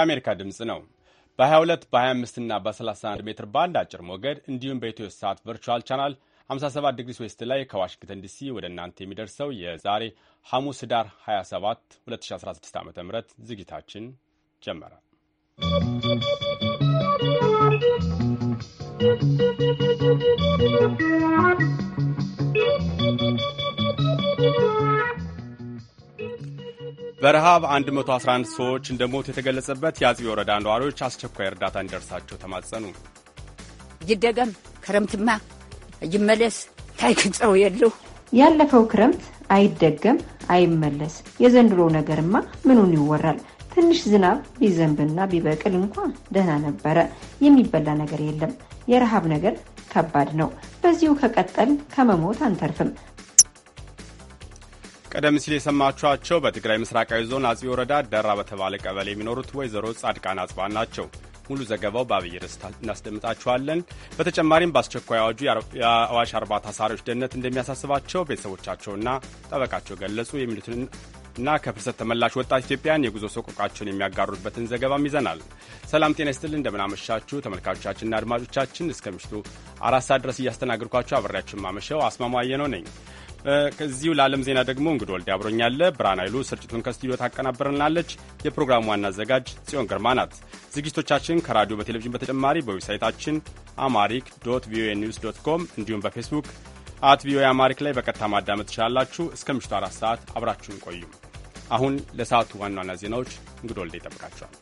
የአሜሪካ ድምፅ ነው። በ22 በ25 እና በ31 ሜትር ባንድ አጭር ሞገድ እንዲሁም በኢትዮ ሳት ቨርቹዋል ቻናል 57 ዲግሪ ስዌስት ላይ ከዋሽንግተን ዲሲ ወደ እናንተ የሚደርሰው የዛሬ ሐሙስ ዳር 27 2016 ዓ ም ዝግጅታችን ጀመረ። ¶¶ በረሃብ 111 ሰዎች እንደ ሞት የተገለጸበት የአጽቢ ወረዳ ነዋሪዎች አስቸኳይ እርዳታ እንዲደርሳቸው ተማጸኑ። ይደገም ክረምትማ ይመለስ ታይክጸው የሉ ያለፈው ክረምት አይደገም አይመለስ። የዘንድሮ ነገርማ ምኑን ይወራል? ትንሽ ዝናብ ቢዘንብና ቢበቅል እንኳ ደህና ነበረ። የሚበላ ነገር የለም። የረሃብ ነገር ከባድ ነው። በዚሁ ከቀጠል ከመሞት አንተርፍም። ቀደም ሲል የሰማችኋቸው በትግራይ ምስራቃዊ ዞን አጽቢ ወረዳ ደራ በተባለ ቀበሌ የሚኖሩት ወይዘሮ ጻድቃን አጽባን ናቸው። ሙሉ ዘገባው በአብይ ርዕስ እናስደምጣችኋለን። በተጨማሪም በአስቸኳይ አዋጁ የአዋሽ አርባ ታሳሪዎች ደህንነት እንደሚያሳስባቸው ቤተሰቦቻቸውና ጠበቃቸው ገለጹ። የሚሉትን እና ከፍልሰት ተመላሽ ወጣት ኢትዮጵያን የጉዞ ሰቆቃቸውን የሚያጋሩበትን ዘገባም ይዘናል። ሰላም ጤና ይስጥልን፣ እንደምናመሻችሁ ተመልካቾቻችንና አድማጮቻችን እስከ ምሽቱ አራት ሰዓት ድረስ እያስተናገድኳችሁ አብሬያችሁ ማመሸው አስማማየ ነው ነኝ። ከዚሁ ለዓለም ዜና ደግሞ እንግዶ ወልድ አብሮኛለ። ብርሃን ኃይሉ ስርጭቱን ከስቱዲዮ ታቀናብርናለች። የፕሮግራሙ ዋና አዘጋጅ ጽዮን ግርማ ናት። ዝግጅቶቻችን ከራዲዮ በቴሌቪዥን በተጨማሪ በዌብሳይታችን አማሪክ ዶት ቪኦኤ ኒውስ ዶት ኮም እንዲሁም በፌስቡክ አት ቪኦኤ አማሪክ ላይ በቀጥታ ማዳመጥ ትችላላችሁ። እስከ ምሽቱ አራት ሰዓት አብራችሁን ቆዩም አሁን ለሰዓቱ ዋና ዋና ዜናዎች እንግዶ ወልዴ ይጠብቃቸዋል።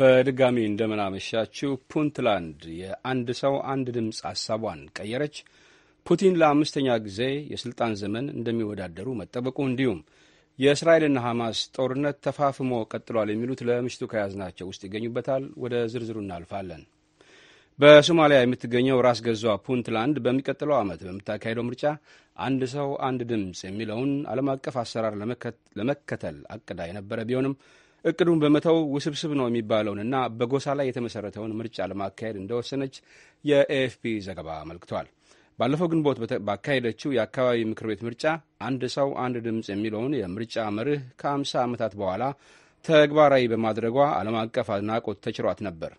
በድጋሚ እንደምናመሻችው ፑንትላንድ የአንድ ሰው አንድ ድምፅ ሐሳቧን ቀየረች። ፑቲን ለአምስተኛ ጊዜ የሥልጣን ዘመን እንደሚወዳደሩ መጠበቁ እንዲሁም የእስራኤልና ሐማስ ጦርነት ተፋፍሞ ቀጥሏል የሚሉት ለምሽቱ ከያዝናቸው ውስጥ ይገኙበታል። ወደ ዝርዝሩ እናልፋለን። በሶማሊያ የምትገኘው ራስ ገዟ ፑንትላንድ በሚቀጥለው ዓመት በምታካሄደው ምርጫ አንድ ሰው አንድ ድምፅ የሚለውን ዓለም አቀፍ አሰራር ለመከተል አቅዳ የነበረ ቢሆንም እቅዱን በመተው ውስብስብ ነው የሚባለውን እና በጎሳ ላይ የተመሠረተውን ምርጫ ለማካሄድ እንደወሰነች የኤኤፍፒ ዘገባ አመልክቷል። ባለፈው ግንቦት ባካሄደችው የአካባቢ ምክር ቤት ምርጫ አንድ ሰው አንድ ድምፅ የሚለውን የምርጫ መርህ ከ50 ዓመታት በኋላ ተግባራዊ በማድረጓ ዓለም አቀፍ አድናቆት ተችሯት ነበር።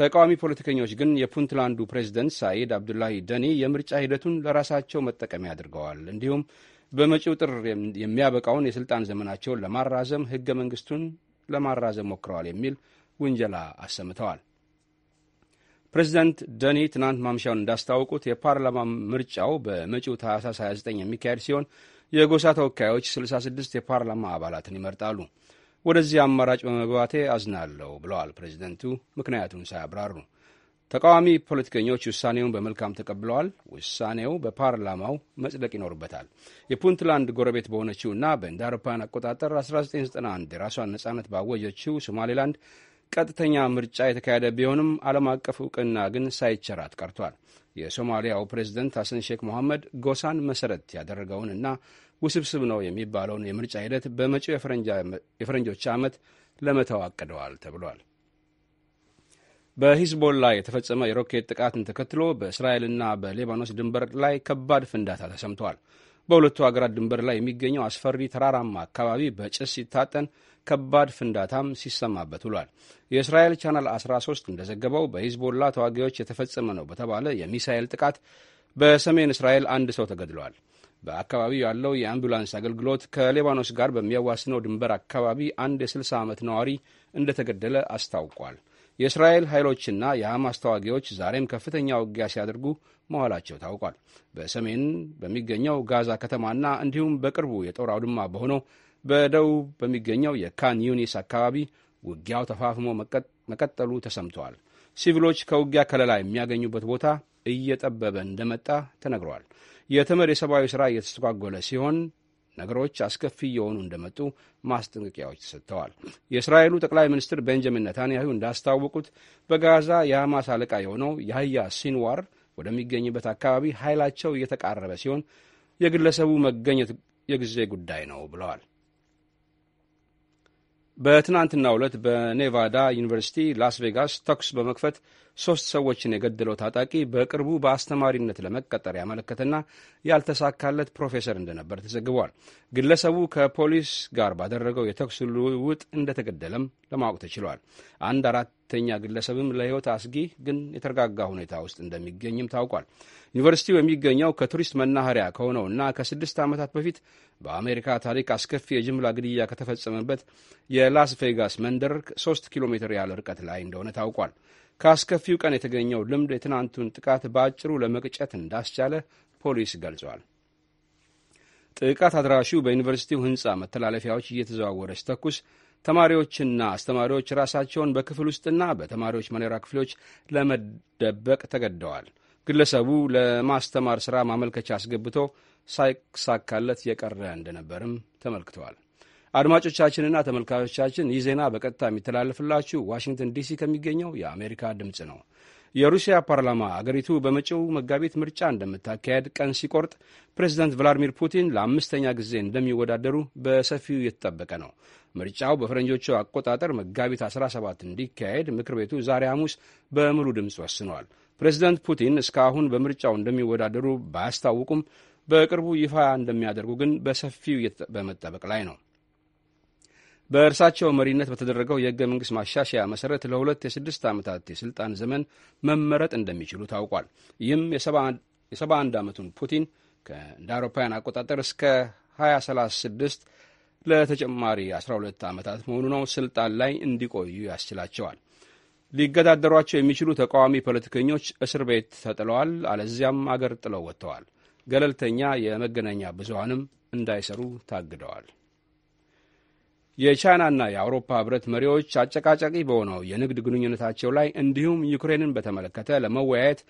ተቃዋሚ ፖለቲከኞች ግን የፑንትላንዱ ፕሬዚደንት ሳኢድ አብዱላሂ ደኒ የምርጫ ሂደቱን ለራሳቸው መጠቀሚያ አድርገዋል። እንዲሁም በመጪው ጥር የሚያበቃውን የሥልጣን ዘመናቸውን ለማራዘም ሕገ መንግሥቱን ለማራዘም ሞክረዋል የሚል ውንጀላ አሰምተዋል። ፕሬዚዳንት ደኒ ትናንት ማምሻውን እንዳስታወቁት የፓርላማ ምርጫው በመጪው ታህሳስ 29 የሚካሄድ ሲሆን የጎሳ ተወካዮች 66 የፓርላማ አባላትን ይመርጣሉ። ወደዚህ አማራጭ በመግባቴ አዝናለሁ ብለዋል ፕሬዚደንቱ ምክንያቱን ሳያብራሩ። ተቃዋሚ ፖለቲከኞች ውሳኔውን በመልካም ተቀብለዋል። ውሳኔው በፓርላማው መጽደቅ ይኖርበታል። የፑንትላንድ ጎረቤት በሆነችው እና በእንደ አውሮፓውያን አቆጣጠር 1991 የራሷን ነጻነት ባወጀችው ሶማሌላንድ ቀጥተኛ ምርጫ የተካሄደ ቢሆንም ዓለም አቀፍ እውቅና ግን ሳይቸራት ቀርቷል። የሶማሊያው ፕሬዚደንት ሐሰን ሼክ ሞሐመድ ጎሳን መሰረት እና ውስብስብ ነው የሚባለውን የምርጫ ሂደት በመጪው የፈረንጆች ዓመት ለመተው አቅደዋል ተብሏል። በሂዝቦላ የተፈጸመ የሮኬት ጥቃትን ተከትሎ በእስራኤልና በሌባኖስ ድንበር ላይ ከባድ ፍንዳታ ተሰምተዋል። በሁለቱ ሀገራት ድንበር ላይ የሚገኘው አስፈሪ ተራራማ አካባቢ በጭስ ሲታጠን ከባድ ፍንዳታም ሲሰማበት ውሏል። የእስራኤል ቻናል 13 እንደዘገበው በሂዝቦላ ተዋጊዎች የተፈጸመ ነው በተባለ የሚሳኤል ጥቃት በሰሜን እስራኤል አንድ ሰው ተገድሏል። በአካባቢው ያለው የአምቡላንስ አገልግሎት ከሌባኖስ ጋር በሚያዋስነው ድንበር አካባቢ አንድ የ60 ዓመት ነዋሪ እንደተገደለ አስታውቋል። የእስራኤል ኃይሎችና የሐማስ ተዋጊዎች ዛሬም ከፍተኛ ውጊያ ሲያደርጉ መዋላቸው ታውቋል። በሰሜን በሚገኘው ጋዛ ከተማና እንዲሁም በቅርቡ የጦር አውድማ በሆነው በደቡብ በሚገኘው የካን ዩኒስ አካባቢ ውጊያው ተፋፍሞ መቀጠሉ ተሰምተዋል። ሲቪሎች ከውጊያ ከለላ የሚያገኙበት ቦታ እየጠበበ እንደመጣ ተነግሯል። የተመድ የሰብአዊ ሥራ እየተስተጓጎለ ሲሆን ነገሮች አስከፊ እየሆኑ እንደመጡ ማስጠንቀቂያዎች ተሰጥተዋል። የእስራኤሉ ጠቅላይ ሚኒስትር ቤንጃሚን ነታንያሁ እንዳስታወቁት በጋዛ የሐማስ አለቃ የሆነው ያህያ ሲንዋር ወደሚገኝበት አካባቢ ኃይላቸው እየተቃረበ ሲሆን የግለሰቡ መገኘት የጊዜ ጉዳይ ነው ብለዋል። በትናንትናው ዕለት በኔቫዳ ዩኒቨርሲቲ ላስ ቬጋስ ተኩስ በመክፈት ሶስት ሰዎችን የገደለው ታጣቂ በቅርቡ በአስተማሪነት ለመቀጠር ያመለከተና ያልተሳካለት ፕሮፌሰር እንደነበር ተዘግቧል። ግለሰቡ ከፖሊስ ጋር ባደረገው የተኩስ ልውውጥ እንደተገደለም ለማወቅ ተችሏል። አንድ አራተኛ ግለሰብም ለሕይወት አስጊ ግን የተረጋጋ ሁኔታ ውስጥ እንደሚገኝም ታውቋል። ዩኒቨርሲቲው የሚገኘው ከቱሪስት መናኸሪያ ና ከስድስት ዓመታት በፊት በአሜሪካ ታሪክ አስከፊ የጅምላ ግድያ ከተፈጸመበት የላስ ቬጋስ መንደር ሶስት ኪሎ ሜትር ያህል ርቀት ላይ እንደሆነ ታውቋል። ከአስከፊው ቀን የተገኘው ልምድ የትናንቱን ጥቃት በአጭሩ ለመቅጨት እንዳስቻለ ፖሊስ ገልጿል። ጥቃት አድራሹ በዩኒቨርሲቲው ህንፃ መተላለፊያዎች እየተዘዋወረ ሲተኩስ ተማሪዎችና አስተማሪዎች ራሳቸውን በክፍል ውስጥና በተማሪዎች መኖሪያ ክፍሎች ለመደበቅ ተገደዋል። ግለሰቡ ለማስተማር ሥራ ማመልከቻ አስገብቶ ሳይሳካለት የቀረ እንደነበርም ተመልክተዋል። አድማጮቻችንና ተመልካቾቻችን ይህ ዜና በቀጥታ የሚተላለፍላችሁ ዋሽንግተን ዲሲ ከሚገኘው የአሜሪካ ድምፅ ነው። የሩሲያ ፓርላማ አገሪቱ በመጪው መጋቢት ምርጫ እንደምታካሄድ ቀን ሲቆርጥ ፕሬዚዳንት ቭላዲሚር ፑቲን ለአምስተኛ ጊዜ እንደሚወዳደሩ በሰፊው የተጠበቀ ነው። ምርጫው በፈረንጆቹ አቆጣጠር መጋቢት 17 እንዲካሄድ ምክር ቤቱ ዛሬ ሐሙስ በሙሉ ድምፅ ወስኗል። ፕሬዚዳንት ፑቲን እስካሁን በምርጫው እንደሚወዳደሩ ባያስታውቁም በቅርቡ ይፋ እንደሚያደርጉ ግን በሰፊው በመጠበቅ ላይ ነው። በእርሳቸው መሪነት በተደረገው የህገ መንግሥት ማሻሻያ መሠረት ለሁለት የስድስት ዓመታት የሥልጣን ዘመን መመረጥ እንደሚችሉ ታውቋል። ይህም የሰባ አንድ ዓመቱን ፑቲን እንደ አውሮፓውያን አቆጣጠር እስከ 2036 ለተጨማሪ 12 ዓመታት መሆኑ ነው ስልጣን ላይ እንዲቆዩ ያስችላቸዋል። ሊገዳደሯቸው የሚችሉ ተቃዋሚ ፖለቲከኞች እስር ቤት ተጥለዋል፣ አለዚያም አገር ጥለው ወጥተዋል። ገለልተኛ የመገናኛ ብዙሃንም እንዳይሰሩ ታግደዋል። የቻይናና የአውሮፓ ህብረት መሪዎች አጨቃጫቂ በሆነው የንግድ ግንኙነታቸው ላይ እንዲሁም ዩክሬንን በተመለከተ ለመወያየት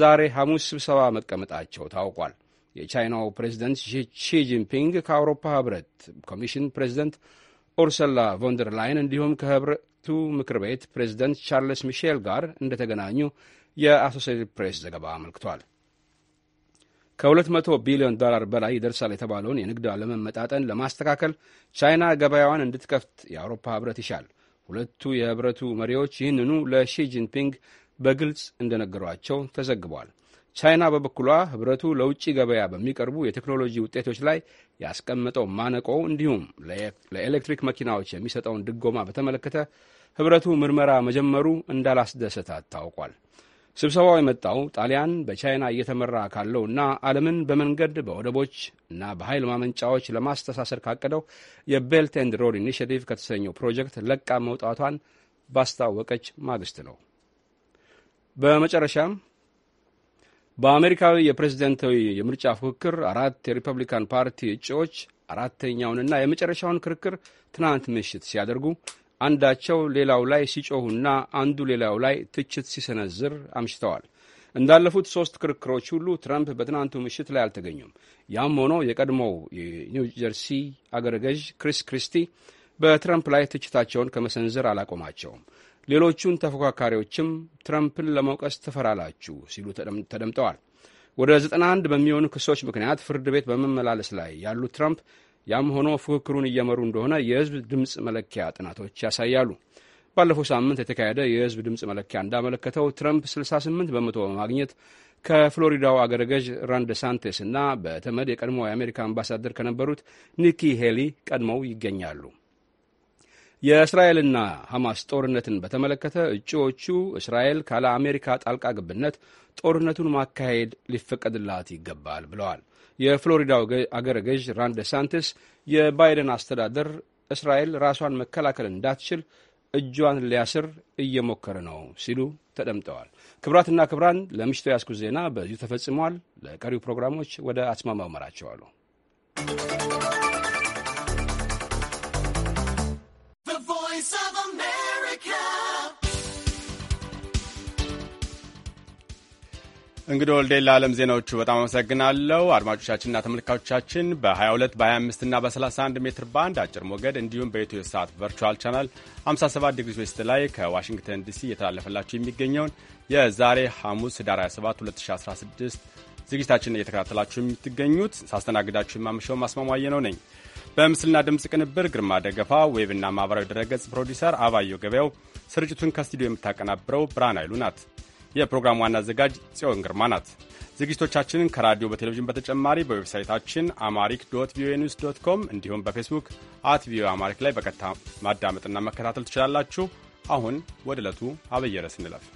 ዛሬ ሐሙስ ስብሰባ መቀመጣቸው ታውቋል። የቻይናው ፕሬዚደንት ሺጂንፒንግ ከአውሮፓ ህብረት ኮሚሽን ፕሬዚደንት ኡርሰላ ቮንደር ላይን እንዲሁም ከህብረቱ ምክር ቤት ፕሬዚደንት ቻርልስ ሚሼል ጋር እንደተገናኙ የአሶሴትድ ፕሬስ ዘገባ አመልክቷል። ከ200 ቢሊዮን ዶላር በላይ ይደርሳል የተባለውን የንግድ አለመመጣጠን ለማስተካከል ቻይና ገበያዋን እንድትከፍት የአውሮፓ ህብረት ይሻል። ሁለቱ የህብረቱ መሪዎች ይህንኑ ለሺ ጂንፒንግ በግልጽ እንደነገሯቸው ተዘግቧል። ቻይና በበኩሏ ህብረቱ ለውጭ ገበያ በሚቀርቡ የቴክኖሎጂ ውጤቶች ላይ ያስቀመጠው ማነቆ እንዲሁም ለኤሌክትሪክ መኪናዎች የሚሰጠውን ድጎማ በተመለከተ ህብረቱ ምርመራ መጀመሩ እንዳላስደሰታት ታውቋል። ስብሰባው የመጣው ጣሊያን በቻይና እየተመራ ካለው እና ዓለምን በመንገድ በወደቦች እና በኃይል ማመንጫዎች ለማስተሳሰር ካቀደው የቤልት ኤንድ ሮድ ኢኒሽቲቭ ከተሰኘው ፕሮጀክት ለቃ መውጣቷን ባስታወቀች ማግስት ነው። በመጨረሻም በአሜሪካዊ የፕሬዝደንታዊ የምርጫ ፉክክር አራት የሪፐብሊካን ፓርቲ እጩዎች አራተኛውንና የመጨረሻውን ክርክር ትናንት ምሽት ሲያደርጉ አንዳቸው ሌላው ላይ ሲጮሁና አንዱ ሌላው ላይ ትችት ሲሰነዝር አምሽተዋል። እንዳለፉት ሶስት ክርክሮች ሁሉ ትራምፕ በትናንቱ ምሽት ላይ አልተገኙም። ያም ሆኖ የቀድሞው የኒውጀርሲ ጀርሲ አገረ ገዥ ክሪስ ክሪስቲ በትራምፕ ላይ ትችታቸውን ከመሰንዘር አላቆማቸውም። ሌሎቹን ተፎካካሪዎችም ትራምፕን ለመውቀስ ትፈራላችሁ ሲሉ ተደምጠዋል። ወደ 91 በሚሆኑ ክሶች ምክንያት ፍርድ ቤት በመመላለስ ላይ ያሉት ትራምፕ ያም ሆኖ ፉክክሩን እየመሩ እንደሆነ የህዝብ ድምፅ መለኪያ ጥናቶች ያሳያሉ። ባለፈው ሳምንት የተካሄደ የህዝብ ድምፅ መለኪያ እንዳመለከተው ትረምፕ 68 በመቶ በማግኘት ከፍሎሪዳው አገረ ገዥ ራን ሳንቴስ እና በተመድ የቀድሞ የአሜሪካ አምባሳደር ከነበሩት ኒኪ ሄሊ ቀድመው ይገኛሉ። የእስራኤልና ሐማስ ጦርነትን በተመለከተ እጩዎቹ እስራኤል ካለ አሜሪካ ጣልቃ ግብነት ጦርነቱን ማካሄድ ሊፈቀድላት ይገባል ብለዋል። የፍሎሪዳው አገረ ገዥ ራን ደሳንቲስ የባይደን አስተዳደር እስራኤል ራሷን መከላከል እንዳትችል እጇን ሊያስር እየሞከረ ነው ሲሉ ተደምጠዋል። ክብራትና ክብራን ለምሽቱ ያስኩ ዜና በዚሁ ተፈጽመዋል። ለቀሪው ፕሮግራሞች ወደ አስማማው መራቸዋሉ። እንግዲህ ወልዴ ለዓለም ዜናዎቹ በጣም አመሰግናለሁ። አድማጮቻችንና ተመልካቾቻችን በ22 በ25 እና በ31 ሜትር ባንድ አጭር ሞገድ እንዲሁም በኢትዮ ሰዓት ቨርቹዋል ቻናል 57 ዲግሪ ዌስት ላይ ከዋሽንግተን ዲሲ እየተላለፈላችሁ የሚገኘውን የዛሬ ሐሙስ ህዳር 27 2016 ዝግጅታችን እየተከታተላችሁ የምትገኙት ሳስተናግዳችሁ የማመሸው ማስማማየ ነው ነኝ። በምስልና ድምፅ ቅንብር ግርማ ደገፋ፣ ዌብና ማህበራዊ ድረገጽ ፕሮዲሰር አባየው ገበያው፣ ስርጭቱን ከስቱዲዮ የምታቀናብረው ብርሃን አይሉ ናት። የፕሮግራሙ ዋና አዘጋጅ ጽዮን ግርማ ናት። ዝግጅቶቻችንን ከራዲዮ በቴሌቪዥን በተጨማሪ በዌብሳይታችን አማሪክ ዶት ቪኦኤ ኒውስ ዶት ኮም እንዲሁም በፌስቡክ አት ቪኦኤ አማሪክ ላይ በቀጥታ ማዳመጥና መከታተል ትችላላችሁ። አሁን ወደ ዕለቱ አበየረ ርዕስ እንለፍ።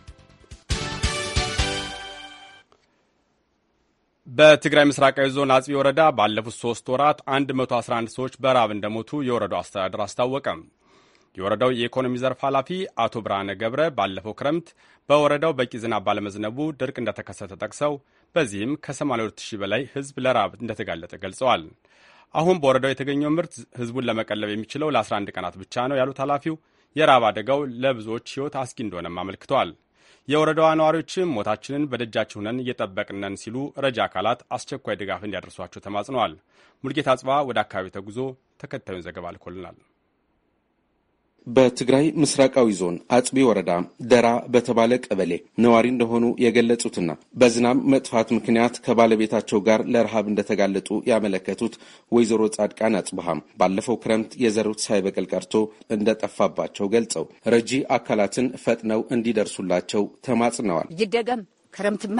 በትግራይ ምስራቃዊ ዞን አጽቢ ወረዳ ባለፉት ሶስት ወራት 111 ሰዎች በራብ እንደሞቱ የወረዳው አስተዳደር አስታወቀም። የወረዳው የኢኮኖሚ ዘርፍ ኃላፊ አቶ ብርሃነ ገብረ ባለፈው ክረምት በወረዳው በቂ ዝናብ ባለመዝነቡ ድርቅ እንደተከሰተ ጠቅሰው በዚህም ከ82 ሺህ በላይ ህዝብ ለራብ እንደተጋለጠ ገልጸዋል። አሁን በወረዳው የተገኘው ምርት ህዝቡን ለመቀለብ የሚችለው ለ11 ቀናት ብቻ ነው ያሉት ኃላፊው የራብ አደጋው ለብዙዎች ሕይወት አስጊ እንደሆነም አመልክተዋል። የወረዳዋ ነዋሪዎችም ሞታችንን በደጃችን ሆነን እየጠበቅነን ሲሉ ረጃ አካላት አስቸኳይ ድጋፍ እንዲያደርሷቸው ተማጽነዋል። ሙልጌታ አጽባ ወደ አካባቢው ተጉዞ ተከታዩን ዘገባ ልኮልናል። በትግራይ ምስራቃዊ ዞን አጽቢ ወረዳ ደራ በተባለ ቀበሌ ነዋሪ እንደሆኑ የገለጹትና በዝናብ መጥፋት ምክንያት ከባለቤታቸው ጋር ለረሃብ እንደተጋለጡ ያመለከቱት ወይዘሮ ጻድቃን አጽብሃም ባለፈው ክረምት የዘሩት ሳይበቅል ቀርቶ እንደጠፋባቸው ገልጸው ረጂ አካላትን ፈጥነው እንዲደርሱላቸው ተማጽነዋል። ይደገም ክረምትማ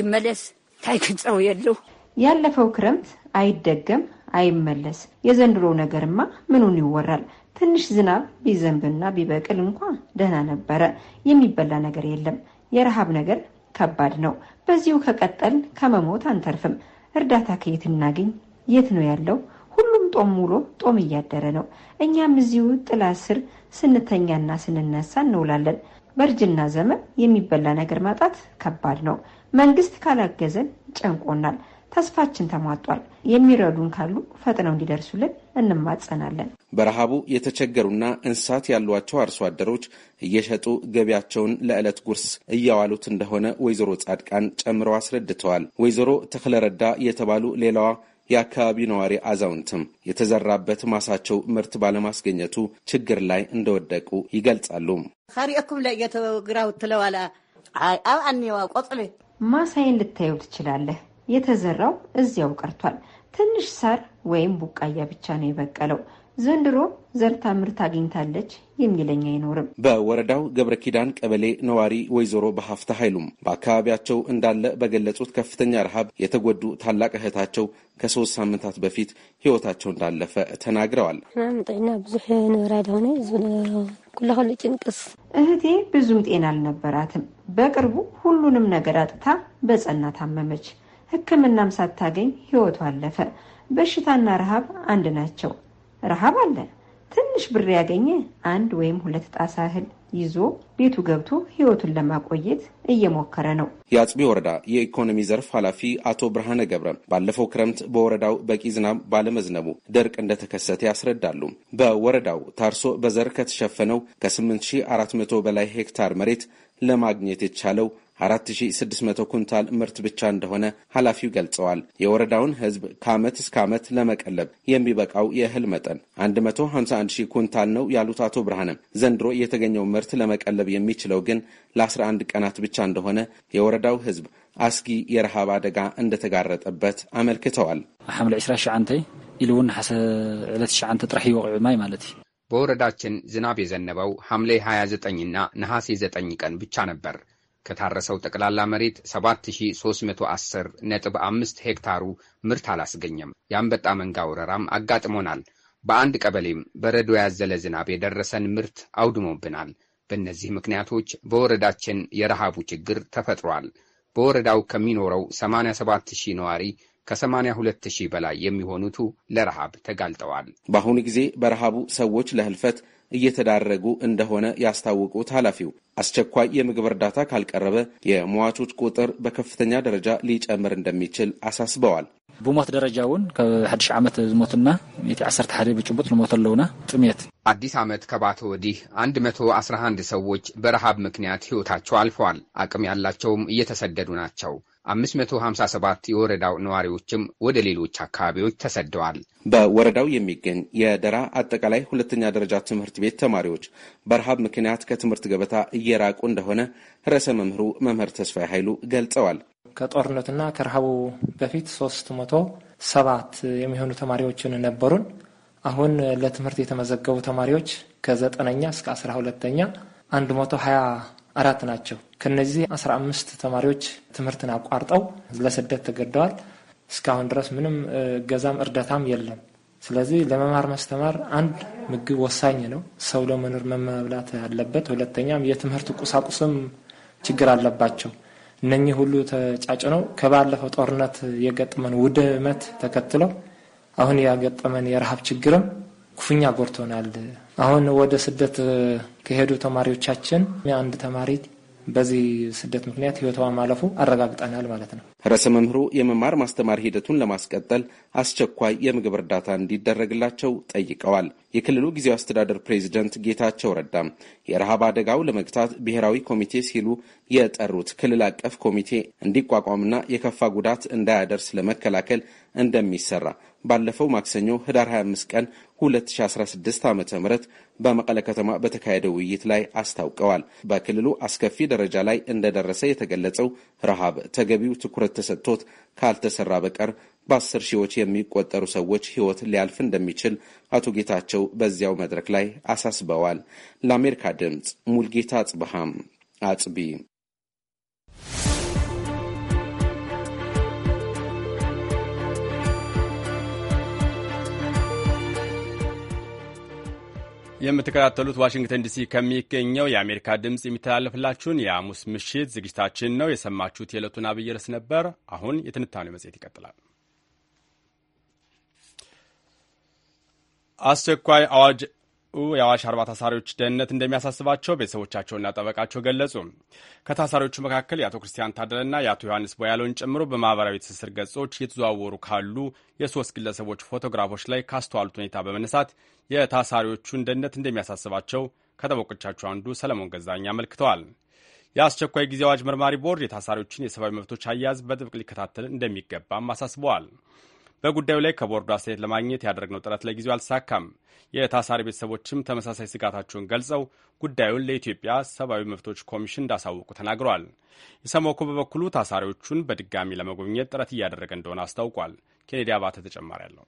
ይመለስ ታይክጸው የለው ያለፈው ክረምት አይደገም አይመለስ። የዘንድሮ ነገርማ ምኑን ይወራል? ትንሽ ዝናብ ቢዘንብና ቢበቅል እንኳ ደህና ነበረ። የሚበላ ነገር የለም። የረሃብ ነገር ከባድ ነው። በዚሁ ከቀጠል ከመሞት አንተርፍም። እርዳታ ከየት እናገኝ? የት ነው ያለው? ሁሉም ጦም ውሎ ጦም እያደረ ነው። እኛም እዚሁ ጥላ ስር ስንተኛና ስንነሳ እንውላለን። በእርጅና ዘመን የሚበላ ነገር ማጣት ከባድ ነው። መንግስት ካላገዘን ጨንቆናል። ተስፋችን ተሟጧል። የሚረዱን ካሉ ፈጥነው እንዲደርሱልን እንማጸናለን። በረሃቡ የተቸገሩና እንስሳት ያሏቸው አርሶ አደሮች እየሸጡ ገቢያቸውን ለዕለት ጉርስ እያዋሉት እንደሆነ ወይዘሮ ጻድቃን ጨምረው አስረድተዋል። ወይዘሮ ተክለረዳ የተባሉ ሌላዋ የአካባቢው ነዋሪ አዛውንትም የተዘራበት ማሳቸው ምርት ባለማስገኘቱ ችግር ላይ እንደወደቁ ይገልጻሉ። ካሪአኩም ለየተግራው ትለዋላ አብ አኒዋ ቆጽሌ ማሳይን ልታየው ትችላለህ የተዘራው እዚያው ቀርቷል። ትንሽ ሳር ወይም ቡቃያ ብቻ ነው የበቀለው። ዘንድሮ ዘርታ ምርት አግኝታለች የሚለኝ አይኖርም። በወረዳው ገብረ ኪዳን ቀበሌ ነዋሪ ወይዘሮ በሀፍታ ኃይሉም በአካባቢያቸው እንዳለ በገለጹት ከፍተኛ ረሃብ የተጎዱ ታላቅ እህታቸው ከሶስት ሳምንታት በፊት ህይወታቸው እንዳለፈ ተናግረዋል። ጤና ብዙሕ ንብራ ደሆነ ኩላኸሉ ጭንቅስ እህቴ ብዙም ጤና አልነበራትም። በቅርቡ ሁሉንም ነገር አጥታ በጸና ታመመች። ሕክምናም ሳታገኝ ህይወቱ አለፈ። በሽታና ረሃብ አንድ ናቸው። ረሃብ አለ። ትንሽ ብር ያገኘ አንድ ወይም ሁለት ጣሳ እህል ይዞ ቤቱ ገብቶ ህይወቱን ለማቆየት እየሞከረ ነው። የአጽቢ ወረዳ የኢኮኖሚ ዘርፍ ኃላፊ አቶ ብርሃነ ገብረ ባለፈው ክረምት በወረዳው በቂ ዝናብ ባለመዝነቡ ደርቅ እንደተከሰተ ያስረዳሉ። በወረዳው ታርሶ በዘር ከተሸፈነው ከ8400 በላይ ሄክታር መሬት ለማግኘት የቻለው 4600 ኩንታል ምርት ብቻ እንደሆነ ኃላፊው ገልጸዋል። የወረዳውን ህዝብ ከዓመት እስከ ዓመት ለመቀለብ የሚበቃው የእህል መጠን 151 ኩንታል ነው ያሉት አቶ ብርሃንም ዘንድሮ የተገኘው ምርት ለመቀለብ የሚችለው ግን ለ11 ቀናት ብቻ እንደሆነ የወረዳው ህዝብ አስጊ የረሃብ አደጋ እንደተጋረጠበት አመልክተዋል። ሐምለ 29 ጥራሕ ይወቅዑ ማይ ማለት በወረዳችን ዝናብ የዘነበው ሐምሌ 29ና ነሐሴ 9 ቀን ብቻ ነበር። ከታረሰው ጠቅላላ መሬት 7310 5 ሄክታሩ ምርት አላስገኘም። የአንበጣ መንጋ ወረራም አጋጥሞናል። በአንድ ቀበሌም በረዶ ያዘለ ዝናብ የደረሰን ምርት አውድሞብናል። በእነዚህ ምክንያቶች በወረዳችን የረሃቡ ችግር ተፈጥሯል። በወረዳው ከሚኖረው 87000 ነዋሪ ከ82000 በላይ የሚሆኑቱ ለረሃብ ተጋልጠዋል። በአሁኑ ጊዜ በረሃቡ ሰዎች ለህልፈት እየተዳረጉ እንደሆነ ያስታወቁት ኃላፊው አስቸኳይ የምግብ እርዳታ ካልቀረበ የሟቾች ቁጥር በከፍተኛ ደረጃ ሊጨምር እንደሚችል አሳስበዋል። ብሞት ደረጃ እውን ካብ ዓመት ዝሞትና ሓደ ብጭቡጥ ንሞት ኣለውና ጥሜት አዲስ ዓመት ከባተ ወዲህ 111 ሰዎች በረሃብ ምክንያት ሕይወታቸው አልፈዋል። አቅም ያላቸውም እየተሰደዱ ናቸው። 557 የወረዳው ነዋሪዎችም ወደ ሌሎች አካባቢዎች ተሰደዋል። በወረዳው የሚገኝ የደራ አጠቃላይ ሁለተኛ ደረጃ ትምህርት ቤት ተማሪዎች በረሃብ ምክንያት ከትምህርት ገበታ እየራቁ እንደሆነ ርዕሰ መምህሩ መምህር ተስፋዬ ኃይሉ ገልጸዋል። ከጦርነትና ከረሃቡ በፊት ሶስት መቶ ሰባት የሚሆኑ ተማሪዎችን ነበሩን። አሁን ለትምህርት የተመዘገቡ ተማሪዎች ከዘጠነኛ እስከ አስራ ሁለተኛ አንድ መቶ ሀያ አራት ናቸው። ከነዚህ 15 ተማሪዎች ትምህርትን አቋርጠው ለስደት ተገደዋል። እስካሁን ድረስ ምንም እገዛም እርዳታም የለም። ስለዚህ ለመማር ማስተማር አንድ ምግብ ወሳኝ ነው። ሰው ለመኖር መመብላት አለበት። ሁለተኛም የትምህርት ቁሳቁስም ችግር አለባቸው። እነኚህ ሁሉ ነው ከባለፈው ጦርነት የገጠመን ውድመት ተከትለው አሁን ያገጠመን የረሃብ ችግርም ክፉኛ ጎድቶናል። አሁን ወደ ስደት ከሄዱ ተማሪዎቻችን አንድ ተማሪ በዚህ ስደት ምክንያት ህይወቷ ማለፉ አረጋግጠናል ማለት ነው። ርዕሰ መምህሩ የመማር ማስተማር ሂደቱን ለማስቀጠል አስቸኳይ የምግብ እርዳታ እንዲደረግላቸው ጠይቀዋል። የክልሉ ጊዜያዊ አስተዳደር ፕሬዚደንት ጌታቸው ረዳም የረሃብ አደጋው ለመግታት ብሔራዊ ኮሚቴ ሲሉ የጠሩት ክልል አቀፍ ኮሚቴ እንዲቋቋምና የከፋ ጉዳት እንዳያደርስ ለመከላከል እንደሚሰራ ባለፈው ማክሰኞ ህዳር 25 ቀን 2016 ዓ ም በመቀለ ከተማ በተካሄደ ውይይት ላይ አስታውቀዋል። በክልሉ አስከፊ ደረጃ ላይ እንደደረሰ የተገለጸው ረሃብ ተገቢው ትኩረት ተሰጥቶት ካልተሰራ በቀር በአስር ሺዎች የሚቆጠሩ ሰዎች ህይወት ሊያልፍ እንደሚችል አቶ ጌታቸው በዚያው መድረክ ላይ አሳስበዋል። ለአሜሪካ ድምፅ ሙልጌታ አጽብሃም አጽቢ የምትከታተሉት ዋሽንግተን ዲሲ ከሚገኘው የአሜሪካ ድምፅ የሚተላለፍላችሁን የሐሙስ ምሽት ዝግጅታችን ነው። የሰማችሁት የዕለቱን አብይ ርዕስ ነበር። አሁን የትንታኔ መጽሔት ይቀጥላል። አስቸኳይ አዋጅ የአዋሽ አርባ ታሳሪዎች ደህንነት እንደሚያሳስባቸው ቤተሰቦቻቸውና ጠበቃቸው ገለጹ። ከታሳሪዎቹ መካከል የአቶ ክርስቲያን ታደለና የአቶ ዮሐንስ ቦያለውን ጨምሮ በማህበራዊ ትስስር ገጾች እየተዘዋወሩ ካሉ የሶስት ግለሰቦች ፎቶግራፎች ላይ ካስተዋሉት ሁኔታ በመነሳት የታሳሪዎቹን ደህንነት እንደሚያሳስባቸው ከጠበቆቻቸው አንዱ ሰለሞን ገዛኝ አመልክተዋል። የአስቸኳይ ጊዜ አዋጅ መርማሪ ቦርድ የታሳሪዎችን የሰብአዊ መብቶች አያያዝ በጥብቅ ሊከታተል እንደሚገባም አሳስበዋል። በጉዳዩ ላይ ከቦርዱ አስተያየት ለማግኘት ያደረግነው ጥረት ለጊዜው አልተሳካም። የታሳሪ ቤተሰቦችም ተመሳሳይ ስጋታቸውን ገልጸው ጉዳዩን ለኢትዮጵያ ሰብአዊ መብቶች ኮሚሽን እንዳሳወቁ ተናግረዋል። ኢሰመኮ በበኩሉ ታሳሪዎቹን በድጋሚ ለመጎብኘት ጥረት እያደረገ እንደሆነ አስታውቋል። ኬኔዲ አባተ ተጨማሪ አለው።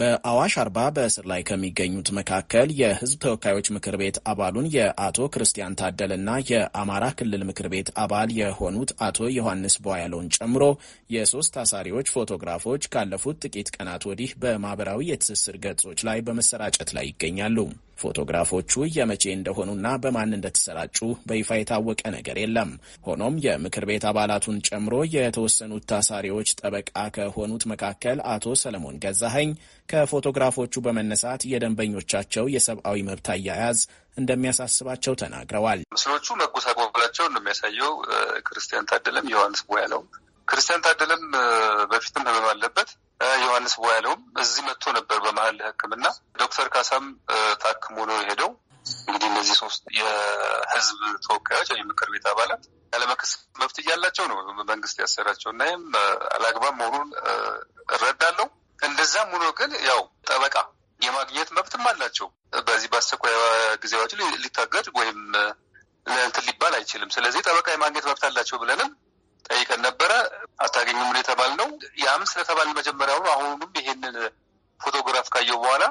በአዋሽ አርባ በእስር ላይ ከሚገኙት መካከል የህዝብ ተወካዮች ምክር ቤት አባሉን የአቶ ክርስቲያን ታደለና የአማራ ክልል ምክር ቤት አባል የሆኑት አቶ ዮሐንስ ቧያለውን ጨምሮ የሶስት ታሳሪዎች ፎቶግራፎች ካለፉት ጥቂት ቀናት ወዲህ በማህበራዊ የትስስር ገጾች ላይ በመሰራጨት ላይ ይገኛሉ። ፎቶግራፎቹ የመቼ እንደሆኑና በማን እንደተሰራጩ በይፋ የታወቀ ነገር የለም። ሆኖም የምክር ቤት አባላቱን ጨምሮ የተወሰኑት ታሳሪዎች ጠበቃ ከሆኑት መካከል አቶ ሰለሞን ገዛኸኝ ከፎቶግራፎቹ በመነሳት የደንበኞቻቸው የሰብአዊ መብት አያያዝ እንደሚያሳስባቸው ተናግረዋል። ምስሎቹ መጎሳቆላቸው እንደሚያሳየው ክርስቲያን ታደለም ዮሐንስ ቦያለው ክርስቲያን ታደለም በፊትም ህመም አለበት። ዮሐንስ ቦያለውም እዚህ መጥቶ ነበር በመሀል ህክምና። ዶክተር ካሳም ታክሞ ነው የሄደው። እንግዲህ እነዚህ ሶስት የህዝብ ተወካዮች ወይም ምክር ቤት አባላት ያለመክስ መብት እያላቸው ነው መንግስት ያሰራቸው እና ይህም አላግባብ መሆኑን እረዳለሁ። እንደዛም ሆኖ ግን ያው ጠበቃ የማግኘት መብትም አላቸው። በዚህ በአስቸኳይ ጊዜዎች ሊታገድ ወይም ለእንትን ሊባል አይችልም። ስለዚህ ጠበቃ የማግኘት መብት አላቸው ብለንም ጠይቀን ነበረ። አታገኙም የተባልነው ያም ስለተባል መጀመሪያውኑ አሁኑም ይሄንን ፎቶግራፍ ካየው በኋላ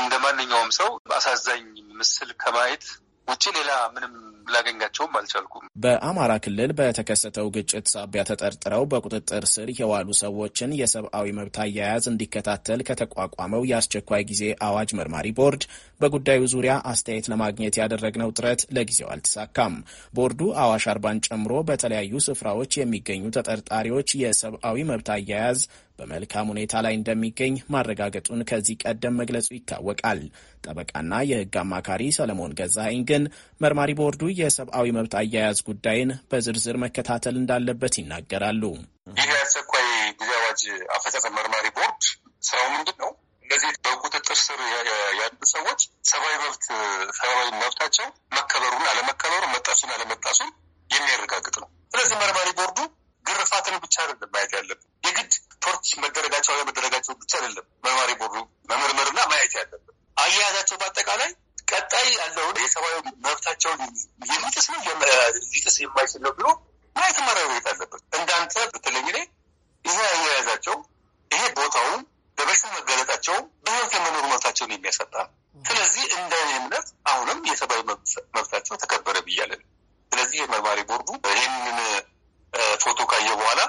እንደ ማንኛውም ሰው አሳዛኝ ምስል ከማየት ውጭ ሌላ ምንም ላገኛቸውም አልቻልኩም። በአማራ ክልል በተከሰተው ግጭት ሳቢያ ተጠርጥረው በቁጥጥር ስር የዋሉ ሰዎችን የሰብአዊ መብት አያያዝ እንዲከታተል ከተቋቋመው የአስቸኳይ ጊዜ አዋጅ መርማሪ ቦርድ በጉዳዩ ዙሪያ አስተያየት ለማግኘት ያደረግነው ጥረት ለጊዜው አልተሳካም። ቦርዱ አዋሽ አርባን ጨምሮ በተለያዩ ስፍራዎች የሚገኙ ተጠርጣሪዎች የሰብአዊ መብት አያያዝ በመልካም ሁኔታ ላይ እንደሚገኝ ማረጋገጡን ከዚህ ቀደም መግለጹ ይታወቃል። ጠበቃና የሕግ አማካሪ ሰለሞን ገዛኸኝ ግን መርማሪ ቦርዱ የሰብአዊ መብት አያያዝ ጉዳይን በዝርዝር መከታተል እንዳለበት ይናገራሉ። ይህ የአስቸኳይ ጊዜ አዋጅ አፈጻጸም መርማሪ ቦርድ ስራው ምንድን ነው? እነዚህ በቁጥጥር ስር ያሉ ሰዎች ሰብአዊ መብት ሰብአዊ መብታቸው መከበሩን አለመከበሩን መጣሱን አለመጣሱን የሚያረጋግጥ ነው። ስለዚህ መርማሪ ቦርዱ ግርፋትን ብቻ አይደለም ማየት ያለብን የግድ ቶርች መደረጋቸው አለመደረጋቸው ብቻ አይደለም መርማሪ ቦርዱ መመርመርና ማየት ያለበት አያያዛቸው በአጠቃላይ ቀጣይ ያለውን የሰብአዊ መብታቸውን የሚጥስ ነው ሊጥስ የማይችል ነው ብሎ ማየት ማረጋገጥ አለበት። እንዳንተ በተለይ ላይ ይሄ አያያዛቸው ይሄ ቦታውን ለበሽታ መገለጣቸውን በህይወት የመኖሩ መብታቸውን የሚያሰጣ ነው። ስለዚህ እንደ እምነት አሁንም የሰብአዊ መብታቸው ተከበረ ብያለን። ስለዚህ የመርማሪ ቦርዱ ይህንን ፎቶ ካየ በኋላ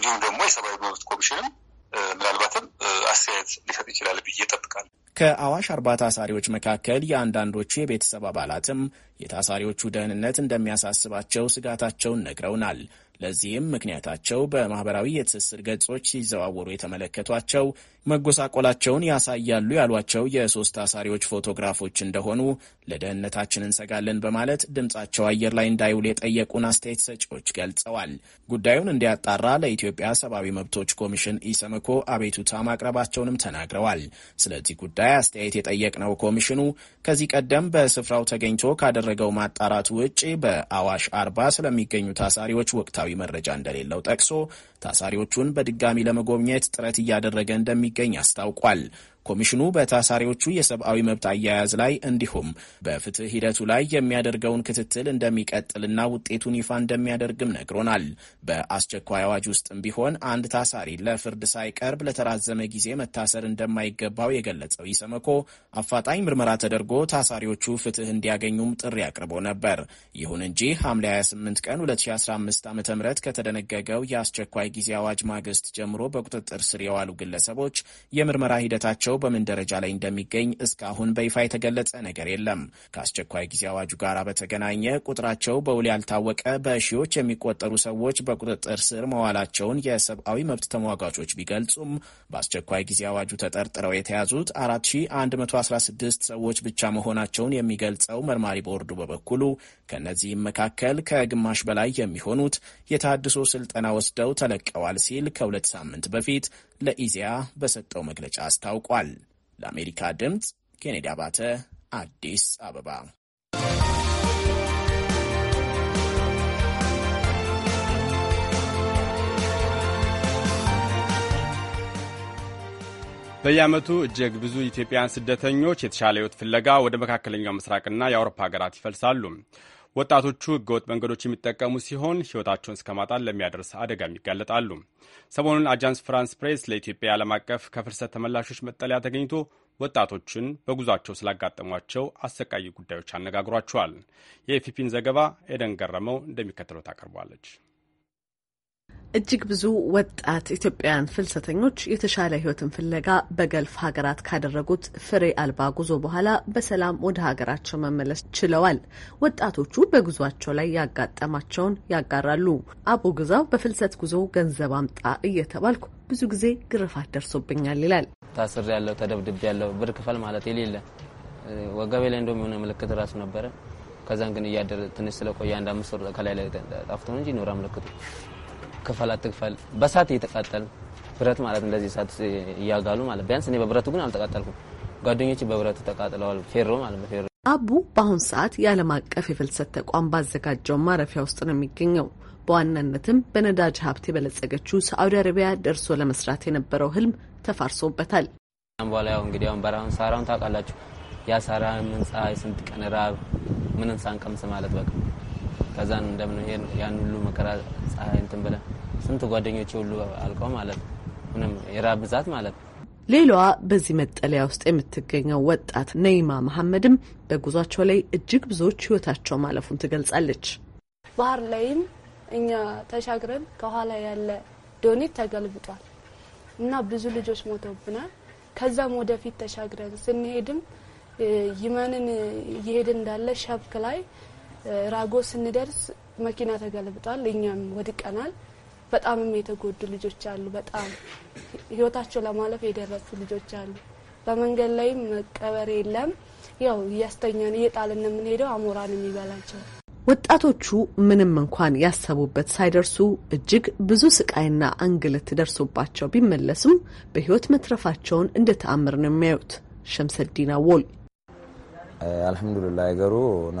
እንዲሁም ደግሞ የሰብአዊ መብት ኮሚሽንም ምናልባትም አስተያየት ሊሰጥ ይችላል ብዬ ጠብቃል። ከአዋሽ አርባ ታሳሪዎች መካከል የአንዳንዶቹ የቤተሰብ አባላትም የታሳሪዎቹ ደህንነት እንደሚያሳስባቸው ስጋታቸውን ነግረውናል። ለዚህም ምክንያታቸው በማህበራዊ የትስስር ገጾች ሲዘዋወሩ የተመለከቷቸው መጎሳቆላቸውን ያሳያሉ ያሏቸው የሶስት አሳሪዎች ፎቶግራፎች እንደሆኑ ለደህንነታችን እንሰጋለን በማለት ድምጻቸው አየር ላይ እንዳይውል የጠየቁን አስተያየት ሰጪዎች ገልጸዋል። ጉዳዩን እንዲያጣራ ለኢትዮጵያ ሰብአዊ መብቶች ኮሚሽን ኢሰመኮ አቤቱታ ማቅረባቸውንም ተናግረዋል። ስለዚህ ጉዳይ አስተያየት የጠየቅነው ኮሚሽኑ ከዚህ ቀደም በስፍራው ተገኝቶ ካደረገው ማጣራቱ ውጭ በአዋሽ አርባ ስለሚገኙ ታሳሪዎች ወቅታዊ መረጃ እንደሌለው ጠቅሶ ታሳሪዎቹን በድጋሚ ለመጎብኘት ጥረት እያደረገ እንደሚ ¿Quién hasta o cuál? ኮሚሽኑ በታሳሪዎቹ የሰብአዊ መብት አያያዝ ላይ እንዲሁም በፍትህ ሂደቱ ላይ የሚያደርገውን ክትትል እንደሚቀጥልና ውጤቱን ይፋ እንደሚያደርግም ነግሮናል። በአስቸኳይ አዋጅ ውስጥም ቢሆን አንድ ታሳሪ ለፍርድ ሳይቀርብ ለተራዘመ ጊዜ መታሰር እንደማይገባው የገለጸው ኢሰመኮ አፋጣኝ ምርመራ ተደርጎ ታሳሪዎቹ ፍትህ እንዲያገኙም ጥሪ አቅርቦ ነበር። ይሁን እንጂ ሐምሌ 28 ቀን 2015 ዓ ም ከተደነገገው የአስቸኳይ ጊዜ አዋጅ ማግስት ጀምሮ በቁጥጥር ስር የዋሉ ግለሰቦች የምርመራ ሂደታቸው ጉዳያቸው በምን ደረጃ ላይ እንደሚገኝ እስካሁን በይፋ የተገለጸ ነገር የለም። ከአስቸኳይ ጊዜ አዋጁ ጋር በተገናኘ ቁጥራቸው በውል ያልታወቀ በሺዎች የሚቆጠሩ ሰዎች በቁጥጥር ስር መዋላቸውን የሰብአዊ መብት ተሟጋቾች ቢገልጹም በአስቸኳይ ጊዜ አዋጁ ተጠርጥረው የተያዙት 4116 ሰዎች ብቻ መሆናቸውን የሚገልጸው መርማሪ ቦርዱ በበኩሉ ከእነዚህም መካከል ከግማሽ በላይ የሚሆኑት የታድሶ ስልጠና ወስደው ተለቀዋል ሲል ከሁለት ሳምንት በፊት ለኢዜአ በሰጠው መግለጫ አስታውቋል። ተጠቅመዋል። ለአሜሪካ ድምፅ ኬኔዲ አባተ አዲስ አበባ። በየዓመቱ እጅግ ብዙ ኢትዮጵያውያን ስደተኞች የተሻለ ሕይወት ፍለጋ ወደ መካከለኛው ምስራቅና የአውሮፓ ሀገራት ይፈልሳሉ። ወጣቶቹ ህገወጥ መንገዶች የሚጠቀሙ ሲሆን ህይወታቸውን እስከ ማጣት ለሚያደርስ አደጋም ይጋለጣሉ። ሰሞኑን አጃንስ ፍራንስ ፕሬስ ለኢትዮጵያ ዓለም አቀፍ ከፍልሰት ተመላሾች መጠለያ ተገኝቶ ወጣቶችን በጉዟቸው ስላጋጠሟቸው አሰቃቂ ጉዳዮች አነጋግሯቸዋል። የኤፍፒን ዘገባ ኤደን ገረመው እንደሚከተለው ታቀርቧለች። እጅግ ብዙ ወጣት ኢትዮጵያውያን ፍልሰተኞች የተሻለ ሕይወትን ፍለጋ በገልፍ ሀገራት ካደረጉት ፍሬ አልባ ጉዞ በኋላ በሰላም ወደ ሀገራቸው መመለስ ችለዋል። ወጣቶቹ በጉዟቸው ላይ ያጋጠማቸውን ያጋራሉ። አቡ ግዛው በፍልሰት ጉዞ ገንዘብ አምጣ እየተባልኩ ብዙ ጊዜ ግርፋት ደርሶብኛል ይላል። ታስር ያለው ተደብድብ ያለው ብር ክፈል ማለት የሌለ ወገቤ ላይ እንደሚሆነ ምልክት ራሱ ነበረ። ከዛን ግን እያደረ ትንሽ ስለቆየ አንድ አምስት ወር ከላይ ላይ ጠፍቶ እንጂ ኖራ ምልክቱ ክፈል አትክፈል በሳት እየተቃጠል ብረት ማለት እንደዚህ ሳት እያጋሉ ማለት ቢያንስ እኔ በብረቱ ግን አልተቃጠልኩም። ጓደኞች በብረቱ ተቃጥለዋል። ፌሮ ማለት ፌሮ አቡ በአሁን ሰዓት የዓለም አቀፍ የፍልሰት ተቋም ባዘጋጀው ማረፊያ ውስጥ ነው የሚገኘው። በዋናነትም በነዳጅ ሀብት የበለጸገችው ሳዑዲ አረቢያ ደርሶ ለመስራት የነበረው ህልም ተፋርሶበታል። በኋላ ያው እንግዲህ አሁን በራሁን ሳራውን ታውቃላችሁ። ያ ሳራ ምን ፀሐይ ቀን ራብ ምን እንሳን ማለት በቃ ከዛን እንደምን ሄድ ያን ሁሉ መከራ ፀሐይ እንትን ብለን ስንት ጓደኞች ሁሉ አልቀው ማለት ምንም የራብ ብዛት ማለት ነው። ሌላዋ በዚህ መጠለያ ውስጥ የምትገኘው ወጣት ነይማ መሐመድም በጉዟቸው ላይ እጅግ ብዙዎች ህይወታቸው ማለፉን ትገልጻለች። ባህር ላይም እኛ ተሻግረን ከኋላ ያለ ዶኔት ተገልብጧል እና ብዙ ልጆች ሞተውብናል። ከዛም ወደፊት ተሻግረን ስንሄድም ይመንን እየሄድን እንዳለ ሸብክ ላይ ራጎ ስንደርስ መኪና ተገልብጧል። እኛም ወድቀናል። በጣምም የተጎዱ ልጆች አሉ። በጣም ህይወታቸው ለማለፍ የደረሱ ልጆች አሉ። በመንገድ ላይም መቀበር የለም። ያው እያስተኛን እየጣልን የምንሄደው አሞራን የሚበላቸው ወጣቶቹ ምንም እንኳን ያሰቡበት ሳይደርሱ እጅግ ብዙ ስቃይና እንግልት ደርሶባቸው ቢመለሱም በህይወት መትረፋቸውን እንደ ተአምር ነው የሚያዩት። ሸምሰዲና ወል Eh, alhamdulillah garuu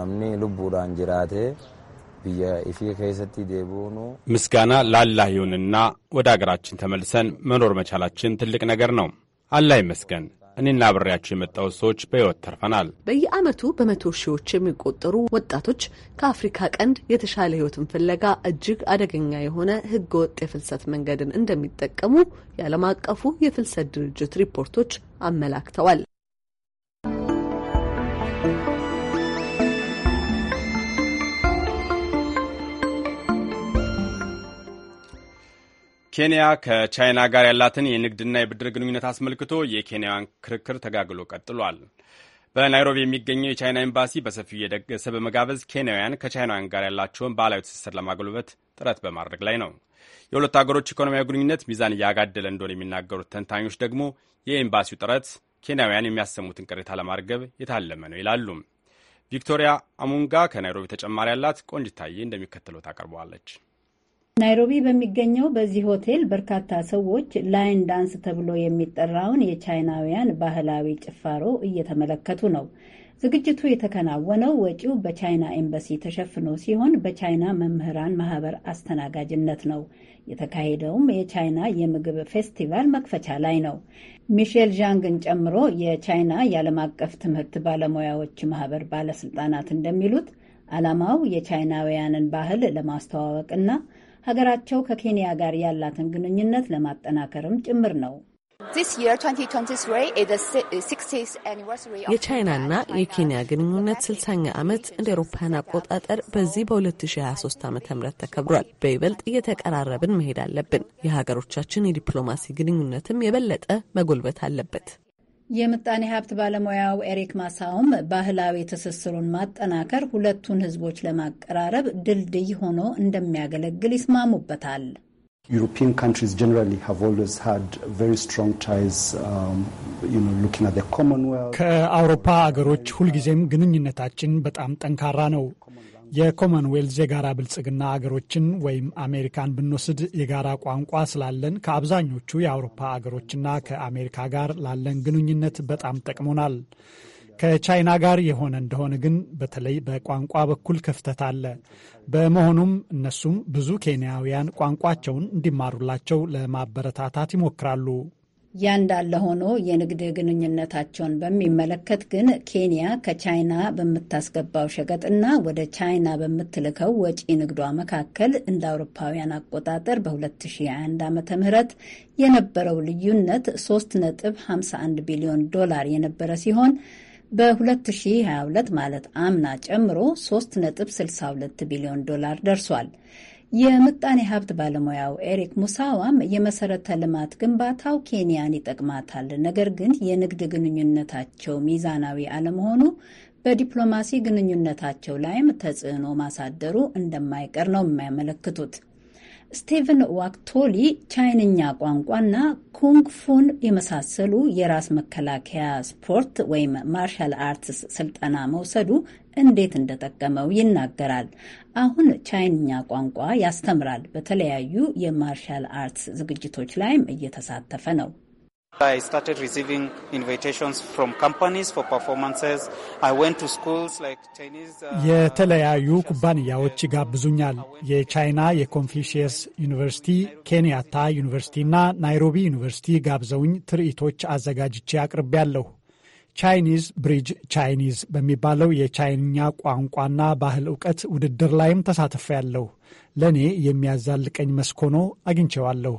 ምስጋና ለአላህ ይሁንና ወደ አገራችን ተመልሰን መኖር መቻላችን ትልቅ ነገር ነው። አላህ ይመስገን። እኔና አብሬያቸው የመጣው ሰዎች በሕይወት ተርፈናል። በየዓመቱ በመቶ ሺዎች የሚቆጠሩ ወጣቶች ከአፍሪካ ቀንድ የተሻለ ሕይወትን ፍለጋ እጅግ አደገኛ የሆነ ወጥ የፍልሰት መንገድን እንደሚጠቀሙ የዓለም አቀፉ የፍልሰት ድርጅት ሪፖርቶች አመላክተዋል። ኬንያ ከቻይና ጋር ያላትን የንግድና የብድር ግንኙነት አስመልክቶ የኬንያን ክርክር ተጋግሎ ቀጥሏል። በናይሮቢ የሚገኘው የቻይና ኤምባሲ በሰፊው እየደገሰ በመጋበዝ ኬንያውያን ከቻይናውያን ጋር ያላቸውን ባህላዊ ትስስር ለማጎልበት ጥረት በማድረግ ላይ ነው። የሁለቱ አገሮች ኢኮኖሚያዊ ግንኙነት ሚዛን እያጋደለ እንደሆነ የሚናገሩት ተንታኞች ደግሞ የኤምባሲው ጥረት ኬንያውያን የሚያሰሙትን ቅሬታ ለማርገብ የታለመ ነው ይላሉ። ቪክቶሪያ አሙንጋ ከናይሮቢ ተጨማሪ ያላት ቆንጅታዬ እንደሚከተለው ታቀርበዋለች። ናይሮቢ በሚገኘው በዚህ ሆቴል በርካታ ሰዎች ላይን ዳንስ ተብሎ የሚጠራውን የቻይናውያን ባህላዊ ጭፋሮ እየተመለከቱ ነው። ዝግጅቱ የተከናወነው ወጪው በቻይና ኤምባሲ ተሸፍኖ ሲሆን በቻይና መምህራን ማህበር አስተናጋጅነት ነው። የተካሄደውም የቻይና የምግብ ፌስቲቫል መክፈቻ ላይ ነው። ሚሼል ዣንግን ጨምሮ የቻይና የዓለም አቀፍ ትምህርት ባለሙያዎች ማህበር ባለስልጣናት እንደሚሉት ዓላማው የቻይናውያንን ባህል ለማስተዋወቅና ሀገራቸው ከኬንያ ጋር ያላትን ግንኙነት ለማጠናከርም ጭምር ነው። የቻይናና የኬንያ ግንኙነት ስልሳኛ ዓመት እንደ አውሮፓውያን አቆጣጠር በዚህ በ2023 ዓ ም ተከብሯል። በይበልጥ እየተቀራረብን መሄድ አለብን። የሀገሮቻችን የዲፕሎማሲ ግንኙነትም የበለጠ መጎልበት አለበት። የምጣኔ ሀብት ባለሙያው ኤሪክ ማሳውም ባህላዊ ትስስሩን ማጠናከር ሁለቱን ህዝቦች ለማቀራረብ ድልድይ ሆኖ እንደሚያገለግል ይስማሙበታል። European countries generally have always had very strong ties, um, you know, looking at the Commonwealth. ከአውሮፓ አገሮች ሁልጊዜም ግንኙነታችን በጣም ጠንካራ ነው። የኮመንዌልዝ የጋራ ብልጽግና አገሮችን ወይም አሜሪካን ብንወስድ የጋራ ቋንቋ ስላለን ከአብዛኞቹ የአውሮፓ አገሮችና ከአሜሪካ ጋር ላለን ግንኙነት በጣም ጠቅሞናል። ከቻይና ጋር የሆነ እንደሆነ ግን በተለይ በቋንቋ በኩል ክፍተት አለ። በመሆኑም እነሱም ብዙ ኬንያውያን ቋንቋቸውን እንዲማሩላቸው ለማበረታታት ይሞክራሉ። ያ እንዳለ ሆኖ የንግድ ግንኙነታቸውን በሚመለከት ግን ኬንያ ከቻይና በምታስገባው ሸቀጥና ወደ ቻይና በምትልከው ወጪ ንግዷ መካከል እንደ አውሮፓውያን አቆጣጠር በ2021 ዓ ም የነበረው ልዩነት 3.51 ቢሊዮን ዶላር የነበረ ሲሆን በ2022 ማለት አምና ጨምሮ 3.62 ቢሊዮን ዶላር ደርሷል። የምጣኔ ሀብት ባለሙያው ኤሪክ ሙሳዋም የመሰረተ ልማት ግንባታው ኬንያን ይጠቅማታል፣ ነገር ግን የንግድ ግንኙነታቸው ሚዛናዊ አለመሆኑ በዲፕሎማሲ ግንኙነታቸው ላይም ተጽዕኖ ማሳደሩ እንደማይቀር ነው የሚያመለክቱት። ስቲቨን ዋክቶሊ ቻይንኛ ቋንቋና ኩንግ ፉን የመሳሰሉ የራስ መከላከያ ስፖርት ወይም ማርሻል አርትስ ስልጠና መውሰዱ እንዴት እንደጠቀመው ይናገራል። አሁን ቻይንኛ ቋንቋ ያስተምራል። በተለያዩ የማርሻል አርትስ ዝግጅቶች ላይም እየተሳተፈ ነው። uh, የተለያዩ ኩባንያዎች ይጋብዙኛል። የቻይና የኮንፊሽየስ ዩኒቨርሲቲ፣ ኬንያታ ዩኒቨርሲቲ እና ናይሮቢ ዩኒቨርሲቲ ጋብዘውኝ ትርኢቶች አዘጋጅቼ አቅርቤያለሁ። ቻይኒዝ ብሪጅ ቻይኒዝ በሚባለው የቻይንኛ ቋንቋና ባህል እውቀት ውድድር ላይም ያለው ለእኔ የሚያዛልቀኝ መስክ ሆኖ አግኝቼዋለሁ።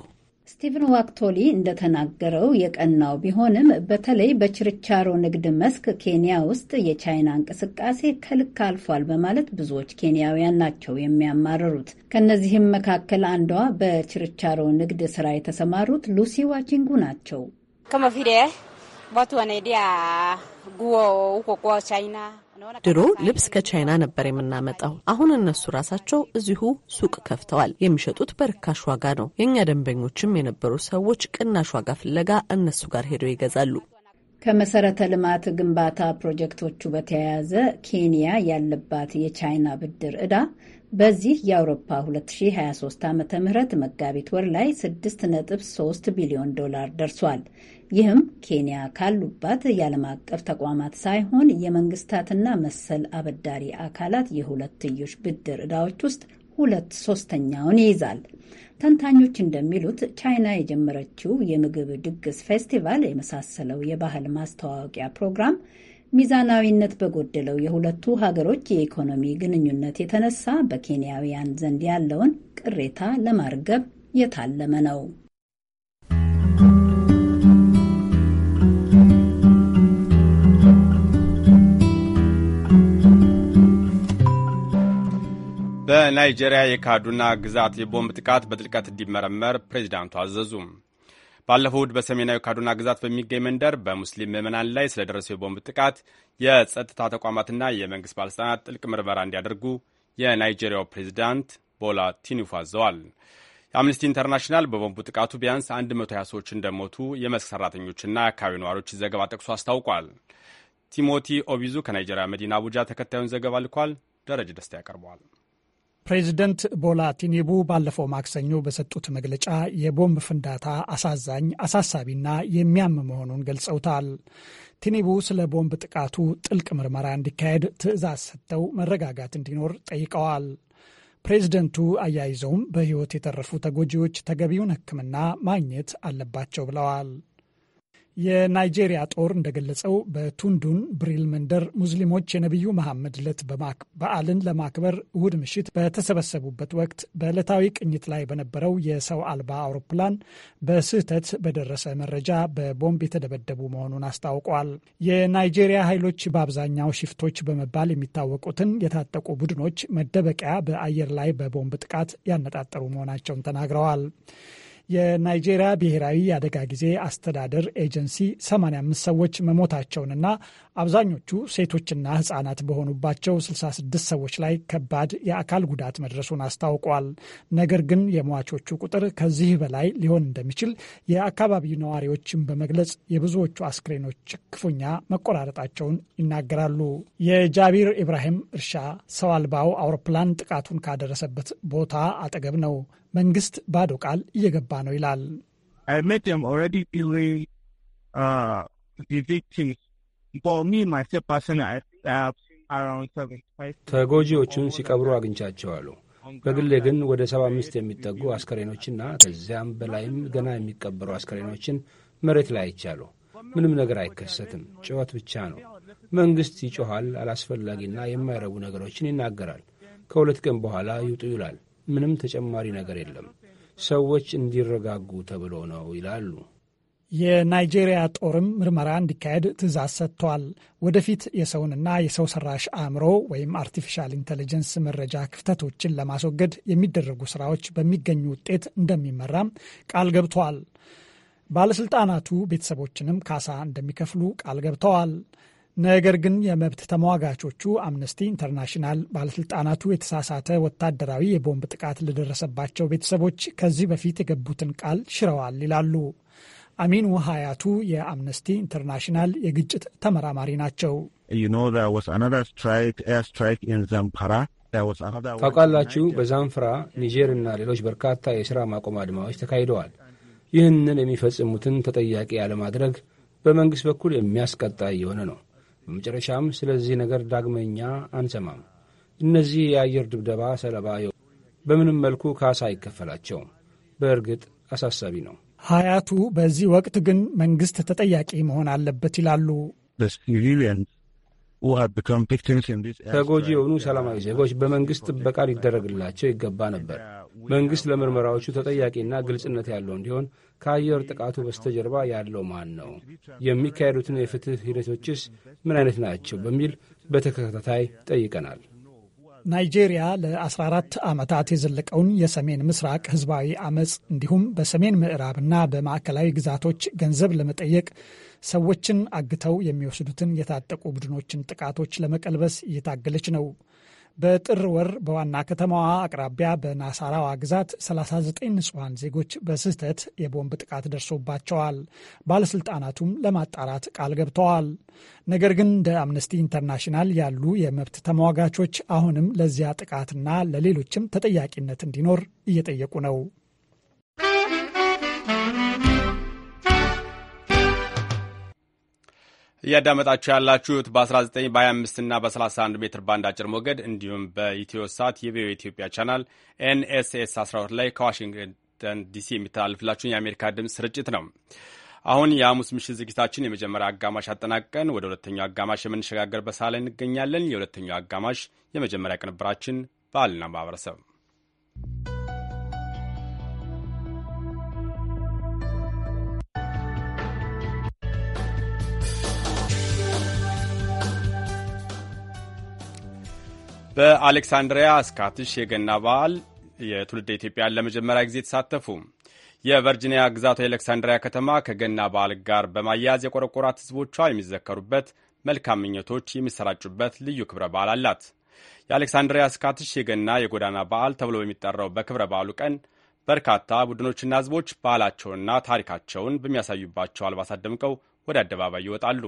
ስቲቨን ዋክቶሊ እንደተናገረው የቀናው ቢሆንም በተለይ በችርቻሮ ንግድ መስክ ኬንያ ውስጥ የቻይና እንቅስቃሴ ከልክ አልፏል በማለት ብዙዎች ኬንያውያን ናቸው የሚያማርሩት። ከእነዚህም መካከል አንዷ በችርቻሮ ንግድ ስራ የተሰማሩት ሉሲ ዋቺንጉ ናቸው። watu wanaidia guo huko kwa China. ድሮ ልብስ ከቻይና ነበር የምናመጣው። አሁን እነሱ ራሳቸው እዚሁ ሱቅ ከፍተዋል። የሚሸጡት በርካሽ ዋጋ ነው። የእኛ ደንበኞችም የነበሩ ሰዎች ቅናሽ ዋጋ ፍለጋ እነሱ ጋር ሄደው ይገዛሉ። ከመሰረተ ልማት ግንባታ ፕሮጀክቶቹ በተያያዘ ኬንያ ያለባት የቻይና ብድር ዕዳ በዚህ የአውሮፓ 2023 ዓ ም መጋቢት ወር ላይ 6.3 ቢሊዮን ዶላር ደርሷል። ይህም ኬንያ ካሉባት የዓለም አቀፍ ተቋማት ሳይሆን የመንግስታትና መሰል አበዳሪ አካላት የሁለትዮሽ ብድር ዕዳዎች ውስጥ ሁለት ሶስተኛውን ይይዛል። ተንታኞች እንደሚሉት ቻይና የጀመረችው የምግብ ድግስ ፌስቲቫል የመሳሰለው የባህል ማስተዋወቂያ ፕሮግራም ሚዛናዊነት በጎደለው የሁለቱ ሀገሮች የኢኮኖሚ ግንኙነት የተነሳ በኬንያውያን ዘንድ ያለውን ቅሬታ ለማርገብ የታለመ ነው። በናይጄሪያ የካዱና ግዛት የቦምብ ጥቃት በጥልቀት እንዲመረመር ፕሬዚዳንቱ አዘዙ። ባለፈው እሁድ በሰሜናዊ ካዱና ግዛት በሚገኝ መንደር በሙስሊም ምዕመናን ላይ ስለደረሰው የቦምብ ጥቃት የጸጥታ ተቋማትና የመንግሥት ባለሥልጣናት ጥልቅ ምርመራ እንዲያደርጉ የናይጄሪያው ፕሬዚዳንት ቦላ ቲኒፉ አዘዋል። የአምነስቲ ኢንተርናሽናል በቦምቡ ጥቃቱ ቢያንስ 120 ሰዎች እንደሞቱ የመስክ ሠራተኞችና የአካባቢ ነዋሪዎች ዘገባ ጠቅሶ አስታውቋል። ቲሞቲ ኦቢዙ ከናይጄሪያ መዲና አቡጃ ተከታዩን ዘገባ ልኳል። ደረጀ ደስታ ያቀርበዋል። ፕሬዚደንት ቦላ ቲኒቡ ባለፈው ማክሰኞ በሰጡት መግለጫ የቦምብ ፍንዳታ አሳዛኝ፣ አሳሳቢና የሚያም መሆኑን ገልጸውታል። ቲኒቡ ስለ ቦምብ ጥቃቱ ጥልቅ ምርመራ እንዲካሄድ ትዕዛዝ ሰጥተው መረጋጋት እንዲኖር ጠይቀዋል። ፕሬዚደንቱ አያይዘውም በሕይወት የተረፉ ተጎጂዎች ተገቢውን ሕክምና ማግኘት አለባቸው ብለዋል። የናይጄሪያ ጦር እንደገለጸው በቱንዱን ብሪል መንደር ሙስሊሞች የነቢዩ መሐመድ ዕለት በዓልን ለማክበር እሁድ ምሽት በተሰበሰቡበት ወቅት በዕለታዊ ቅኝት ላይ በነበረው የሰው አልባ አውሮፕላን በስህተት በደረሰ መረጃ በቦምብ የተደበደቡ መሆኑን አስታውቋል። የናይጄሪያ ኃይሎች በአብዛኛው ሽፍቶች በመባል የሚታወቁትን የታጠቁ ቡድኖች መደበቂያ በአየር ላይ በቦምብ ጥቃት ያነጣጠሩ መሆናቸውን ተናግረዋል። የናይጄሪያ ብሔራዊ የአደጋ ጊዜ አስተዳደር ኤጀንሲ 85 ሰዎች መሞታቸውንና አብዛኞቹ ሴቶችና ህጻናት በሆኑባቸው 66 ሰዎች ላይ ከባድ የአካል ጉዳት መድረሱን አስታውቋል። ነገር ግን የሟቾቹ ቁጥር ከዚህ በላይ ሊሆን እንደሚችል የአካባቢው ነዋሪዎችን በመግለጽ የብዙዎቹ አስክሬኖች ክፉኛ መቆራረጣቸውን ይናገራሉ። የጃቢር ኢብራሂም እርሻ ሰው አልባው አውሮፕላን ጥቃቱን ካደረሰበት ቦታ አጠገብ ነው። መንግስት ባዶ ቃል እየገባ ነው ይላል። uh, ተጎጂዎቹን ሲቀብሩ አግኝቻቸዋለሁ። በግሌ ግን ወደ ሰባ አምስት የሚጠጉ አስከሬኖችና ከዚያም በላይም ገና የሚቀበሩ አስከሬኖችን መሬት ላይ አይቻሉ። ምንም ነገር አይከሰትም። ጩኸት ብቻ ነው። መንግሥት ይጮኋል፣ አላስፈላጊና የማይረቡ ነገሮችን ይናገራል። ከሁለት ቀን በኋላ ይውጡ ይላል። ምንም ተጨማሪ ነገር የለም። ሰዎች እንዲረጋጉ ተብሎ ነው ይላሉ። የናይጄሪያ ጦርም ምርመራ እንዲካሄድ ትዕዛዝ ሰጥቷል። ወደፊት የሰውንና የሰው ሰራሽ አእምሮ ወይም አርቲፊሻል ኢንቴሊጀንስ መረጃ ክፍተቶችን ለማስወገድ የሚደረጉ ስራዎች በሚገኙ ውጤት እንደሚመራም ቃል ገብቷል። ባለስልጣናቱ ቤተሰቦችንም ካሳ እንደሚከፍሉ ቃል ገብተዋል። ነገር ግን የመብት ተሟጋቾቹ አምነስቲ ኢንተርናሽናል ባለስልጣናቱ የተሳሳተ ወታደራዊ የቦምብ ጥቃት ለደረሰባቸው ቤተሰቦች ከዚህ በፊት የገቡትን ቃል ሽረዋል ይላሉ። አሚኑ ሀያቱ የአምነስቲ ኢንተርናሽናል የግጭት ተመራማሪ ናቸው። ታውቃላችሁ፣ በዛንፍራ ኒጀርና ሌሎች በርካታ የሥራ ማቆም አድማዎች ተካሂደዋል። ይህንን የሚፈጽሙትን ተጠያቂ ያለማድረግ በመንግሥት በኩል የሚያስቀጣ እየሆነ ነው። በመጨረሻም ስለዚህ ነገር ዳግመኛ አንሰማም። እነዚህ የአየር ድብደባ ሰለባ በምንም መልኩ ካሳ አይከፈላቸውም። በእርግጥ አሳሳቢ ነው። ሀያቱ በዚህ ወቅት ግን መንግስት ተጠያቂ መሆን አለበት ይላሉ። ተጎጂ የሆኑ ሰላማዊ ዜጎች በመንግስት ጥበቃ ሊደረግላቸው ይገባ ነበር። መንግሥት ለምርመራዎቹ ተጠያቂና ግልጽነት ያለው እንዲሆን ከአየር ጥቃቱ በስተጀርባ ያለው ማን ነው? የሚካሄዱትን የፍትሕ ሂደቶችስ ምን አይነት ናቸው? በሚል በተከታታይ ጠይቀናል። ናይጄሪያ ለ14 ዓመታት የዘለቀውን የሰሜን ምስራቅ ህዝባዊ አመፅ እንዲሁም በሰሜን ምዕራብና በማዕከላዊ ግዛቶች ገንዘብ ለመጠየቅ ሰዎችን አግተው የሚወስዱትን የታጠቁ ቡድኖችን ጥቃቶች ለመቀልበስ እየታገለች ነው። በጥር ወር በዋና ከተማዋ አቅራቢያ በናሳራዋ ግዛት 39 ንጹሐን ዜጎች በስህተት የቦምብ ጥቃት ደርሶባቸዋል። ባለስልጣናቱም ለማጣራት ቃል ገብተዋል። ነገር ግን እንደ አምነስቲ ኢንተርናሽናል ያሉ የመብት ተሟጋቾች አሁንም ለዚያ ጥቃትና ለሌሎችም ተጠያቂነት እንዲኖር እየጠየቁ ነው። እያዳመጣችሁ ያላችሁት በ19 በ25 እና በ31 ሜትር ባንድ አጭር ሞገድ እንዲሁም በኢትዮ ሳት የቪኦኤ ኢትዮጵያ ቻናል ኤንኤስኤስ 12 ላይ ከዋሽንግተን ዲሲ የሚተላልፍላችሁን የአሜሪካ ድምፅ ስርጭት ነው። አሁን የሐሙስ ምሽት ዝግጅታችን የመጀመሪያ አጋማሽ አጠናቀን ወደ ሁለተኛው አጋማሽ የምንሸጋገርበት ሰዓት ላይ እንገኛለን። የሁለተኛው አጋማሽ የመጀመሪያ ቅንብራችን ባህልና ማህበረሰብ በአሌክሳንድሪያ ስካትሽ የገና በዓል የትውልድ ኢትዮጵያን ለመጀመሪያ ጊዜ ተሳተፉ። የቨርጂኒያ ግዛቷ የአሌክሳንድሪያ ከተማ ከገና በዓል ጋር በማያያዝ የቆረቆራት ህዝቦቿ የሚዘከሩበት፣ መልካም ምኞቶች የሚሰራጩበት ልዩ ክብረ በዓል አላት። የአሌክሳንድሪያ ስካትሽ የገና የጎዳና በዓል ተብሎ በሚጠራው በክብረ በዓሉ ቀን በርካታ ቡድኖችና ህዝቦች ባህላቸውንና ታሪካቸውን በሚያሳዩባቸው አልባሳት ደምቀው ወደ አደባባይ ይወጣሉ።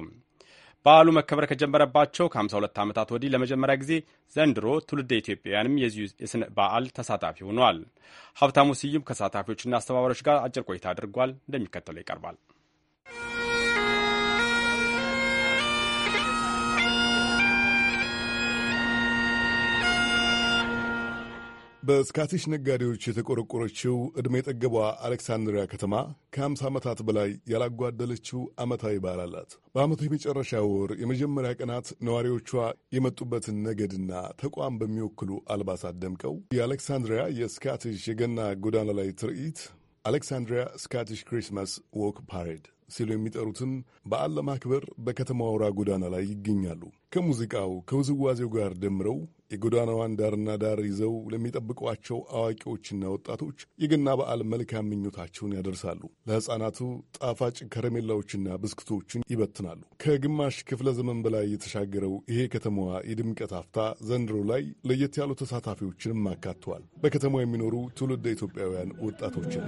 በዓሉ መከበር ከጀመረባቸው ከ52 ዓመታት ወዲህ ለመጀመሪያ ጊዜ ዘንድሮ ትውልደ ኢትዮጵያውያንም የዚሁ የስነ በዓል ተሳታፊ ሆኗል። ሀብታሙ ስዩም ከተሳታፊዎችና አስተባባሪዎች ጋር አጭር ቆይታ አድርጓል። እንደሚከተለው ይቀርባል። በስካቲሽ ነጋዴዎች የተቆረቆረችው ዕድሜ የጠገቧ አሌክሳንድሪያ ከተማ ከ50 ዓመታት በላይ ያላጓደለችው ዓመታዊ በዓል አላት። በዓመቱ የመጨረሻ ወር የመጀመሪያ ቀናት ነዋሪዎቿ የመጡበትን ነገድና ተቋም በሚወክሉ አልባሳት ደምቀው የአሌክሳንድሪያ የስካቲሽ የገና ጎዳና ላይ ትርኢት አሌክሳንድሪያ ስካቲሽ ክሪስማስ ዎክ ፓሬድ ሲሉ የሚጠሩትን በዓል ለማክበር በከተማ አውራ ጎዳና ላይ ይገኛሉ። ከሙዚቃው ከውዝዋዜው ጋር ደምረው የጎዳናዋን ዳርና ዳር ይዘው ለሚጠብቋቸው አዋቂዎችና ወጣቶች የገና በዓል መልካም ምኞታቸውን ያደርሳሉ። ለሕፃናቱ ጣፋጭ ከረሜላዎችና ብስክቶችን ይበትናሉ። ከግማሽ ክፍለ ዘመን በላይ የተሻገረው ይሄ ከተማዋ የድምቀት አፍታ ዘንድሮ ላይ ለየት ያሉ ተሳታፊዎችንም አካተዋል። በከተማ የሚኖሩ ትውልደ ኢትዮጵያውያን ወጣቶችን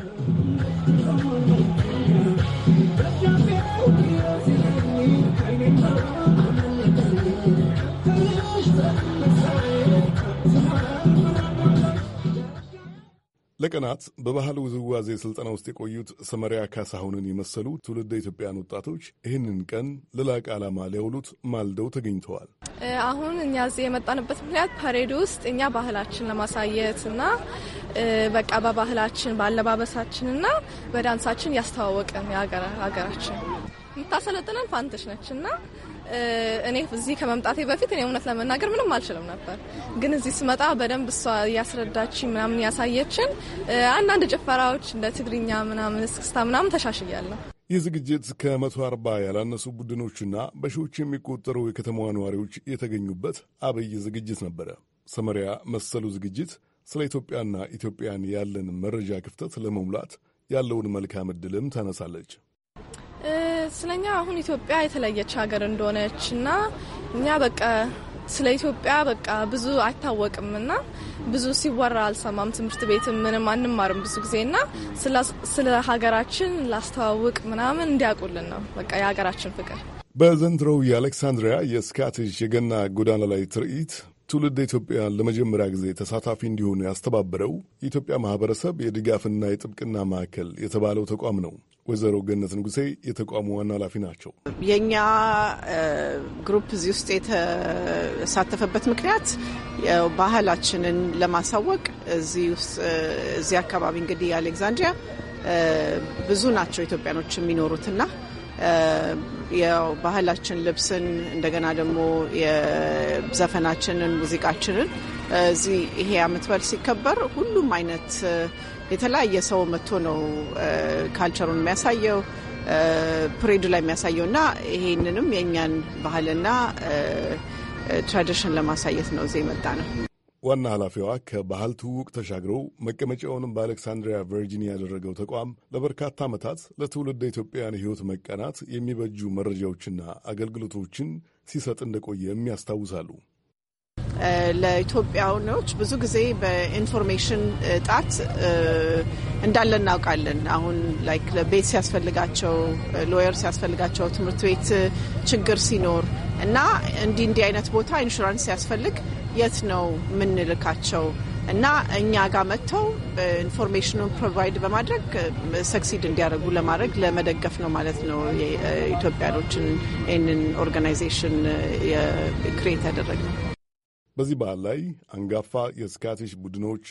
ለቀናት በባህል ውዝዋዜ ስልጠና ውስጥ የቆዩት ሰመሪያ ካሳሁንን የመሰሉ ትውልደ ኢትዮጵያን ወጣቶች ይህንን ቀን ለላቀ ዓላማ ሊያውሉት ማልደው ተገኝተዋል። አሁን እኛ እዚህ የመጣንበት ምክንያት ፓሬድ ውስጥ እኛ ባህላችን ለማሳየት እና በቃ በባህላችን በአለባበሳችን እና በዳንሳችን ያስተዋወቅን የሀገራችን የምታሰለጥነን ፋንተሽ ነች እና እኔ እዚህ ከመምጣቴ በፊት እኔ እውነት ለመናገር ምንም አልችልም ነበር። ግን እዚህ ስመጣ በደንብ እሷ እያስረዳች ምናምን ያሳየችን አንዳንድ ጭፈራዎች እንደ ትግርኛ ምናምን እስክስታ ምናምን ተሻሽያለሁ። ይህ ዝግጅት ከመቶ አርባ ያላነሱ ቡድኖችና በሺዎች የሚቆጠሩ የከተማዋ ነዋሪዎች የተገኙበት አብይ ዝግጅት ነበረ። ሰመሪያ መሰሉ ዝግጅት ስለ ኢትዮጵያና ኢትዮጵያን ያለን መረጃ ክፍተት ለመሙላት ያለውን መልካም ዕድልም ታነሳለች። ስለኛ አሁን ኢትዮጵያ የተለየች ሀገር እንደሆነች እና እኛ በቃ ስለ ኢትዮጵያ በቃ ብዙ አይታወቅም እና ብዙ ሲወራ አልሰማም። ትምህርት ቤትም ምንም አንማርም ብዙ ጊዜ እና ስለ ሀገራችን ላስተዋውቅ ምናምን እንዲያውቁልን ነው በቃ የሀገራችን ፍቅር። በዘንድሮው የአሌክሳንድሪያ የስካቲሽ የገና ጎዳና ላይ ትርኢት ትውልድ ኢትዮጵያ ለመጀመሪያ ጊዜ ተሳታፊ እንዲሆኑ ያስተባበረው የኢትዮጵያ ማህበረሰብ የድጋፍና የጥብቅና ማዕከል የተባለው ተቋም ነው። ወይዘሮ ገነት ንጉሴ የተቋሙ ዋና ኃላፊ ናቸው። የእኛ ግሩፕ እዚህ ውስጥ የተሳተፈበት ምክንያት ባህላችንን ለማሳወቅ እዚህ ውስጥ እዚህ አካባቢ እንግዲህ የአሌክዛንድሪያ ብዙ ናቸው ኢትዮጵያኖች የሚኖሩትና የባህላችን ልብስን እንደገና ደግሞ የዘፈናችንን ሙዚቃችንን እዚህ ይሄ አመት በዓል ሲከበር ሁሉም አይነት የተለያየ ሰው መጥቶ ነው ካልቸሩን የሚያሳየው ፕሬዱ ላይ የሚያሳየው እና ይሄንንም የእኛን ባህልና ትራዲሽን ለማሳየት ነው እዚህ የመጣ ነው። ዋና ኃላፊዋ ከባህል ትውውቅ ተሻግረው መቀመጫውንም በአሌክሳንድሪያ ቨርጂኒያ ያደረገው ተቋም ለበርካታ ዓመታት ለትውልድ ኢትዮጵያውያን ሕይወት መቀናት የሚበጁ መረጃዎችና አገልግሎቶችን ሲሰጥ እንደቆየም ያስታውሳሉ። ለኢትዮጵያኖች ብዙ ጊዜ በኢንፎርሜሽን እጣት እንዳለ እናውቃለን። አሁን ላይክ ቤት ሲያስፈልጋቸው፣ ሎየር ሲያስፈልጋቸው፣ ትምህርት ቤት ችግር ሲኖር እና እንዲህ እንዲህ አይነት ቦታ ኢንሹራንስ ሲያስፈልግ የት ነው የምንልካቸው እና እኛ ጋር መጥተው ኢንፎርሜሽኑን ፕሮቫይድ በማድረግ ሰክሲድ እንዲያደርጉ ለማድረግ ለመደገፍ ነው ማለት ነው። የኢትዮጵያኖችን ይህንን ኦርጋናይዜሽን ክሬት ነው። በዚህ በዓል ላይ አንጋፋ የስካቲሽ ቡድኖች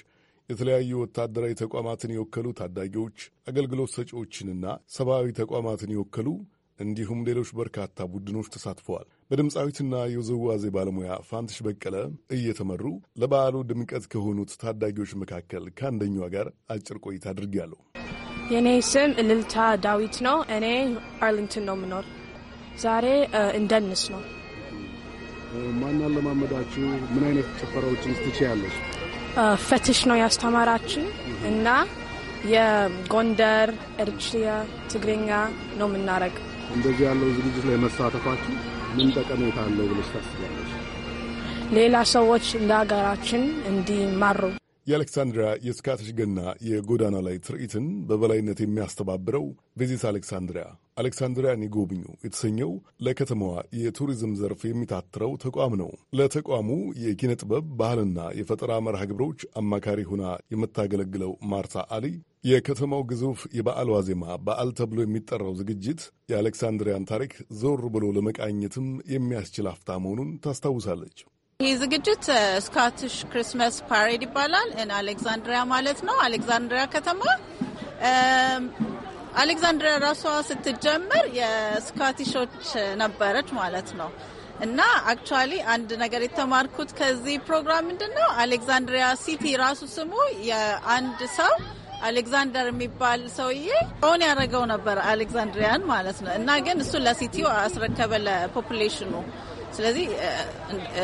የተለያዩ ወታደራዊ ተቋማትን የወከሉ ታዳጊዎች፣ አገልግሎት ሰጪዎችንና ሰብአዊ ተቋማትን የወከሉ እንዲሁም ሌሎች በርካታ ቡድኖች ተሳትፈዋል። በድምፃዊትና የውዝዋዜ ባለሙያ ፋንትሽ በቀለ እየተመሩ ለበዓሉ ድምቀት ከሆኑት ታዳጊዎች መካከል ከአንደኛዋ ጋር አጭር ቆይታ አድርጌያለሁ። የእኔ ስም እልልታ ዳዊት ነው። እኔ አርሊንግተን ነው የምኖር። ዛሬ እንደንስ ነው ማን ለማመዳችሁ ምን አይነት ጭፈራዎችን ስትችያለሽ? ፈትሽ ነው ያስተማራችን እና የጎንደር እርችያ፣ ትግርኛ ነው የምናረግ። እንደዚህ ያለው ዝግጅት ላይ መሳተፋችሁ ምን ጠቀሜታ አለው ብለሽ ታስባለች? ሌላ ሰዎች ለሀገራችን እንዲማሩ የአሌክሳንድሪያ የስካትሽ ገና የጎዳና ላይ ትርኢትን በበላይነት የሚያስተባብረው ቪዚት አሌክሳንድሪያ አሌክሳንድሪያን ይጎብኙ የተሰኘው ለከተማዋ የቱሪዝም ዘርፍ የሚታትረው ተቋም ነው። ለተቋሙ የኪነ ጥበብ ባህልና የፈጠራ መርሃ ግብሮች አማካሪ ሆና የምታገለግለው ማርታ አሊ የከተማው ግዙፍ የበዓል ዋዜማ በዓል ተብሎ የሚጠራው ዝግጅት የአሌክሳንድሪያን ታሪክ ዞር ብሎ ለመቃኘትም የሚያስችል አፍታ መሆኑን ታስታውሳለች። ይህ ዝግጅት ስካትሽ ክሪስመስ ፓሬድ ይባላል። አሌክዛንድሪያ ማለት ነው። አሌክዛንድሪያ ከተማ አሌክዛንድሪያ um, ራሷ ስትጀምር የስካቲሾች ነበረች ማለት ነው። እና አክቹዋሊ አንድ ነገር የተማርኩት ከዚህ ፕሮግራም ምንድን ነው፣ አሌክዛንድሪያ ሲቲ ራሱ ስሙ የአንድ ሰው አሌክዛንደር የሚባል ሰውዬ ሆን ያደረገው ነበር አሌክዛንድሪያን ማለት ነው። እና ግን እሱ ለሲቲው አስረከበ ለፖፑሌሽኑ ስለዚህ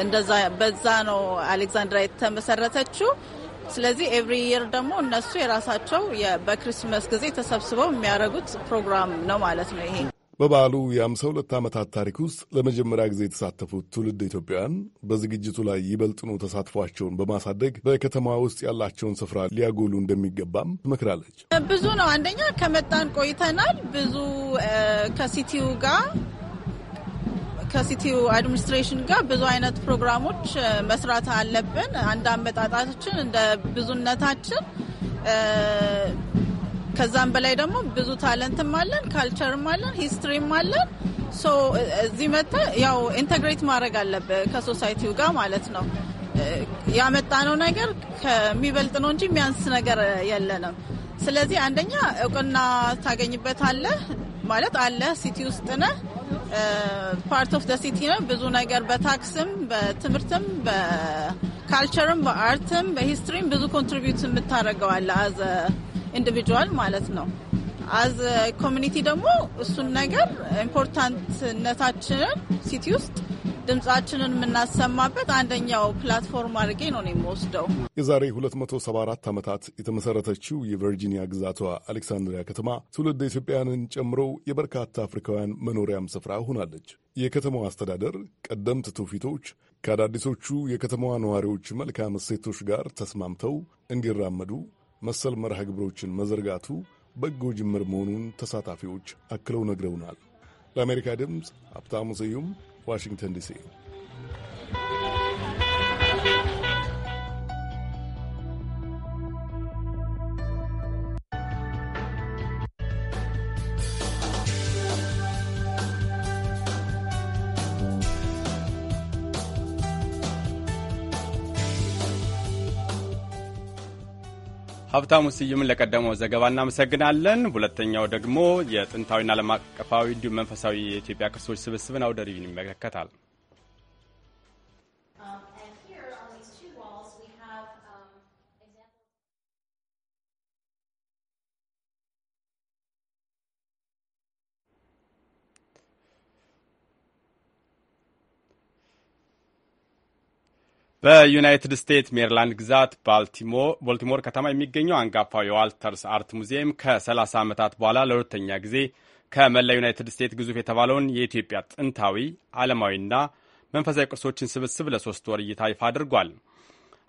እንደዛ በዛ ነው አሌክዛንድራ የተመሰረተችው። ስለዚህ ኤቭሪ ይር ደግሞ እነሱ የራሳቸው በክሪስመስ ጊዜ ተሰብስበው የሚያደርጉት ፕሮግራም ነው ማለት ነው ይሄ። በበዓሉ የአምሳ ሁለት ዓመታት ታሪክ ውስጥ ለመጀመሪያ ጊዜ የተሳተፉት ትውልድ ኢትዮጵያውያን በዝግጅቱ ላይ ይበልጥኑ ተሳትፏቸውን በማሳደግ በከተማ ውስጥ ያላቸውን ስፍራ ሊያጎሉ እንደሚገባም ትመክራለች። ብዙ ነው። አንደኛ ከመጣን ቆይተናል። ብዙ ከሲቲው ጋር ከሲቲው አድሚኒስትሬሽን ጋር ብዙ አይነት ፕሮግራሞች መስራት አለብን። አንድ አመጣጣችን እንደ ብዙነታችን ከዛም በላይ ደግሞ ብዙ ታለንትም አለን፣ ካልቸርም አለን፣ ሂስትሪም አለን። ሶ እዚህ መጥተ ያው ኢንተግሬት ማድረግ አለብን ከሶሳይቲው ጋር ማለት ነው። ያመጣነው ነገር ከሚበልጥ ነው እንጂ የሚያንስ ነገር የለንም። ስለዚህ አንደኛ እውቅና ታገኝበታለህ። ማለት አለ ሲቲ ውስጥ ነ ፓርት ኦፍ ደ ሲቲ ነው። ብዙ ነገር በታክስም፣ በትምህርትም፣ በካልቸርም፣ በአርትም፣ በሂስትሪም ብዙ ኮንትሪቢዩት የምታደርገው አለ አዘ ኢንዲቪጁዋል ማለት ነው። አዘ ኮሚኒቲ ደግሞ እሱን ነገር ኢምፖርታንትነታችንን ሲቲ ውስጥ ድምጻችንን የምናሰማበት አንደኛው ፕላትፎርም አድርጌ ነው የምወስደው። የዛሬ 274 ዓመታት የተመሰረተችው የቨርጂኒያ ግዛቷ አሌክሳንድሪያ ከተማ ትውልድ ኢትዮጵያውያንን ጨምሮ የበርካታ አፍሪካውያን መኖሪያም ስፍራ ሆናለች። የከተማዋ አስተዳደር ቀደምት ትውፊቶች ከአዳዲሶቹ የከተማዋ ነዋሪዎች መልካም እሴቶች ጋር ተስማምተው እንዲራመዱ መሰል መርሃ ግብሮችን መዘርጋቱ በጎ ጅምር መሆኑን ተሳታፊዎች አክለው ነግረውናል። ለአሜሪካ ድምፅ ሀብታሙ ስዩም Washington, D.C. ሀብታሙ ስዩምን ለቀደመው ዘገባ እናመሰግናለን። ሁለተኛው ደግሞ የጥንታዊና ዓለም አቀፋዊ እንዲሁም መንፈሳዊ የኢትዮጵያ ቅርሶች ስብስብን አውደ ይመለከታል። በዩናይትድ ስቴትስ ሜሪላንድ ግዛት ቦልቲሞር ከተማ የሚገኘው አንጋፋው የዋልተርስ አርት ሙዚየም ከ30 ዓመታት በኋላ ለሁለተኛ ጊዜ ከመላ ዩናይትድ ስቴትስ ግዙፍ የተባለውን የኢትዮጵያ ጥንታዊ ዓለማዊና መንፈሳዊ ቅርሶችን ስብስብ ለሶስት ወር እይታ ይፋ አድርጓል።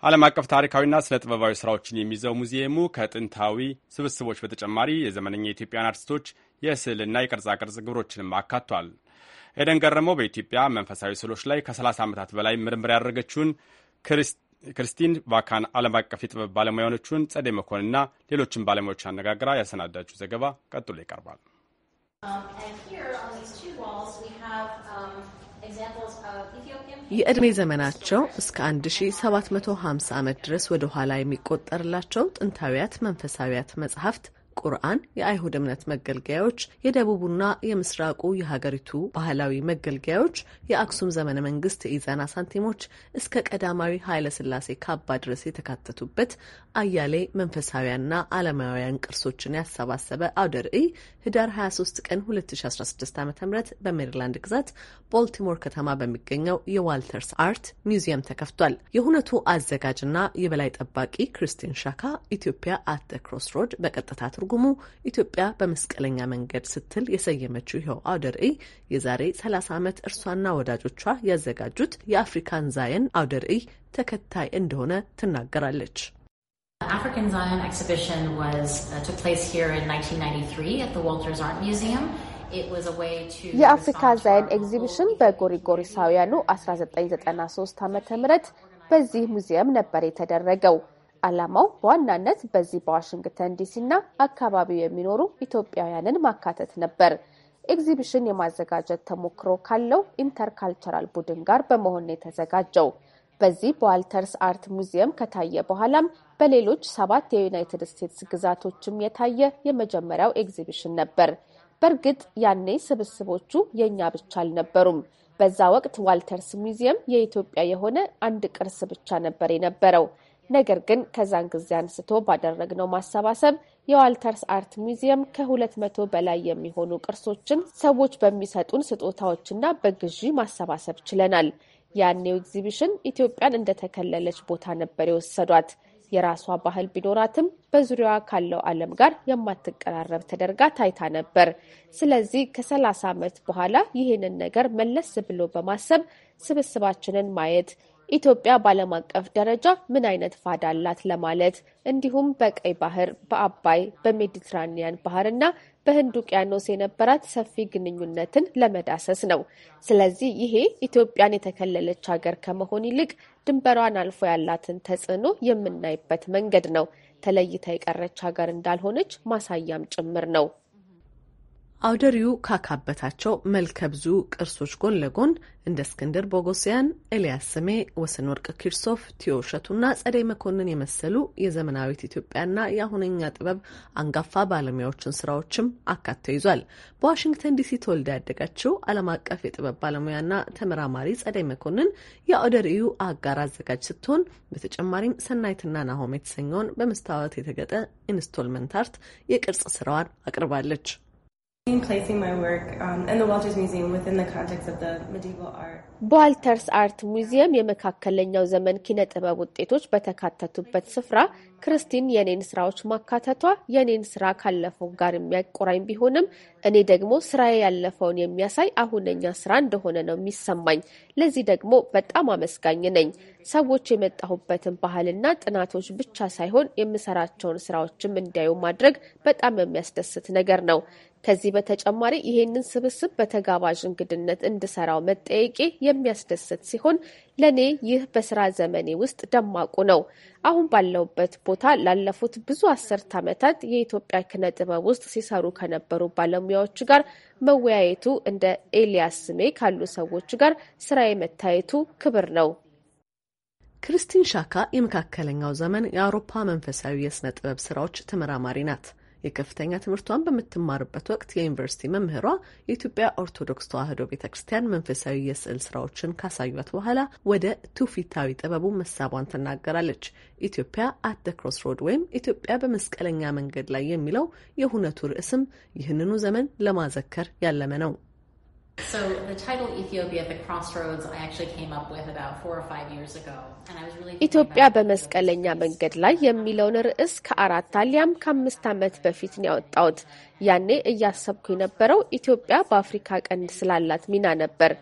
ዓለም አቀፍ ታሪካዊና ስነ ጥበባዊ ስራዎችን የሚይዘው ሙዚየሙ ከጥንታዊ ስብስቦች በተጨማሪ የዘመነኛ የኢትዮጵያን አርቲስቶች የስዕልና የቅርጻቅርጽ ግብሮችንም አካቷል። ኤደን ገረመው በኢትዮጵያ መንፈሳዊ ስዕሎች ላይ ከ30 ዓመታት በላይ ምርምር ያደረገችውን ክርስቲን ቫካን ዓለም አቀፍ የጥበብ ባለሙያ የሆነችውን ጸደይ መኮንና ሌሎችን ባለሙያዎች አነጋግራ ያሰናዳችው ዘገባ ቀጥሎ ይቀርባል። የዕድሜ ዘመናቸው እስከ 1750 ዓመት ድረስ ወደ ኋላ የሚቆጠርላቸው ጥንታዊያት መንፈሳዊያት መጽሐፍት ቁርአን የአይሁድ እምነት መገልገያዎች፣ የደቡቡና የምስራቁ የሀገሪቱ ባህላዊ መገልገያዎች፣ የአክሱም ዘመነ መንግስት የኢዛና ሳንቲሞች እስከ ቀዳማዊ ኃይለ ስላሴ ካባ ድረስ የተካተቱበት አያሌ መንፈሳዊያንና ዓለማውያን ቅርሶችን ያሰባሰበ አውደ ርዕይ ህዳር 23 ቀን 2016 ዓ ም በሜሪላንድ ግዛት ቦልቲሞር ከተማ በሚገኘው የዋልተርስ አርት ሚውዚየም ተከፍቷል። የሁነቱ አዘጋጅና የበላይ ጠባቂ ክሪስቲን ሻካ ኢትዮጵያ አት ክሮስ ሮድ በቀጥታ ትርጉሙ ኢትዮጵያ በመስቀለኛ መንገድ ስትል የሰየመችው ይኸው አውደ ርዕይ የዛሬ 30 ዓመት እርሷና ወዳጆቿ ያዘጋጁት የአፍሪካን ዛየን አውደ ርዕይ ተከታይ እንደሆነ ትናገራለች። African Zion exhibition was uh, took place here in 1993 at the Walters Art Museum. የአፍሪካ ዛየን ኤግዚቢሽን በጎሪጎሪሳውያኑ 1993 ዓ ም በዚህ ሙዚየም ነበር የተደረገው። ዓላማው በዋናነት በዚህ በዋሽንግተን ዲሲና አካባቢው የሚኖሩ ኢትዮጵያውያንን ማካተት ነበር። ኤግዚቢሽን የማዘጋጀት ተሞክሮ ካለው ኢንተርካልቸራል ቡድን ጋር በመሆን የተዘጋጀው በዚህ በዋልተርስ አርት ሙዚየም ከታየ በኋላም በሌሎች ሰባት የዩናይትድ ስቴትስ ግዛቶችም የታየ የመጀመሪያው ኤግዚቢሽን ነበር። በእርግጥ ያኔ ስብስቦቹ የእኛ ብቻ አልነበሩም። በዛ ወቅት ዋልተርስ ሙዚየም የኢትዮጵያ የሆነ አንድ ቅርስ ብቻ ነበር የነበረው። ነገር ግን ከዛን ጊዜ አንስቶ ባደረግነው ማሰባሰብ የዋልተርስ አርት ሚዚየም ከሁለት መቶ በላይ የሚሆኑ ቅርሶችን ሰዎች በሚሰጡን ስጦታዎችና በግዢ ማሰባሰብ ችለናል። ያኔው ኤግዚቢሽን ኢትዮጵያን እንደተከለለች ቦታ ነበር የወሰዷት። የራሷ ባህል ቢኖራትም በዙሪያዋ ካለው ዓለም ጋር የማትቀራረብ ተደርጋ ታይታ ነበር። ስለዚህ ከሰላሳ ዓመት በኋላ ይህንን ነገር መለስ ብሎ በማሰብ ስብስባችንን ማየት ኢትዮጵያ በዓለም አቀፍ ደረጃ ምን አይነት ፋዳ አላት ለማለት እንዲሁም በቀይ ባህር፣ በአባይ፣ በሜዲትራኒያን ባህርና በህንድ ውቅያኖስ የነበራት ሰፊ ግንኙነትን ለመዳሰስ ነው። ስለዚህ ይሄ ኢትዮጵያን የተከለለች ሀገር ከመሆን ይልቅ ድንበሯን አልፎ ያላትን ተጽዕኖ የምናይበት መንገድ ነው። ተለይታ የቀረች ሀገር እንዳልሆነች ማሳያም ጭምር ነው። አውደሪው ካካበታቸው መልከ ብዙ ቅርሶች ጎን ለጎን እንደ እስክንድር ቦጎሲያን፣ ኤልያስ ስሜ፣ ወሰን ወርቅ ኪርሶፍ፣ ቲዮሸቱና እሸቱና ጸደይ መኮንን የመሰሉ የዘመናዊት ኢትዮጵያና የአሁነኛ ጥበብ አንጋፋ ባለሙያዎችን ስራዎችም አካቶ ይዟል። በዋሽንግተን ዲሲ ተወልዳ ያደገችው ዓለም አቀፍ የጥበብ ባለሙያና ተመራማሪ ጸደይ መኮንን የአውደሪዩ አጋር አዘጋጅ ስትሆን በተጨማሪም ሰናይትና ናሆም የተሰኘውን በመስታወት የተገጠ ኢንስቶልመንት አርት የቅርጽ ስራዋን አቅርባለች። በዋልተርስ አርት ሙዚየም የመካከለኛው ዘመን ኪነ ጥበብ ውጤቶች በተካተቱበት ስፍራ ክርስቲን የኔን ስራዎች ማካተቷ የኔን ስራ ካለፈው ጋር የሚያቆራኝ ቢሆንም እኔ ደግሞ ስራዬ ያለፈውን የሚያሳይ አሁነኛ ስራ እንደሆነ ነው የሚሰማኝ። ለዚህ ደግሞ በጣም አመስጋኝ ነኝ። ሰዎች የመጣሁበትን ባህልና ጥናቶች ብቻ ሳይሆን የምሰራቸውን ስራዎችም እንዲያዩ ማድረግ በጣም የሚያስደስት ነገር ነው። ከዚህ በተጨማሪ ይሄንን ስብስብ በተጋባዥ እንግድነት እንድሰራው መጠየቄ የሚያስደስት ሲሆን ለእኔ ይህ በስራ ዘመኔ ውስጥ ደማቁ ነው። አሁን ባለውበት ቦታ ላለፉት ብዙ አስርት ዓመታት የኢትዮጵያ ኪነ ጥበብ ውስጥ ሲሰሩ ከነበሩ ባለሙያዎች ጋር መወያየቱ እንደ ኤልያስ ስሜ ካሉ ሰዎች ጋር ስራ የመታየቱ ክብር ነው። ክርስቲን ሻካ የመካከለኛው ዘመን የአውሮፓ መንፈሳዊ የስነ ጥበብ ስራዎች ተመራማሪ ናት። የከፍተኛ ትምህርቷን በምትማርበት ወቅት የዩኒቨርሲቲ መምህሯ የኢትዮጵያ ኦርቶዶክስ ተዋሕዶ ቤተ ክርስቲያን መንፈሳዊ የስዕል ስራዎችን ካሳዩት በኋላ ወደ ትውፊታዊ ጥበቡ መሳቧን ትናገራለች። ኢትዮጵያ አት ደ ክሮስ ሮድ ወይም ኢትዮጵያ በመስቀለኛ መንገድ ላይ የሚለው የሁነቱ ርዕስም ይህንኑ ዘመን ለማዘከር ያለመ ነው። ኢትዮጵያ በመስቀለኛ መንገድ ላይ የሚለውን ርዕስ ከአራት አሊያም ከአምስት ዓመት በፊት ነው ያወጣሁት። ያኔ እያሰብኩ የነበረው ኢትዮጵያ በአፍሪካ ቀንድ ስላላት ሚና ነበር።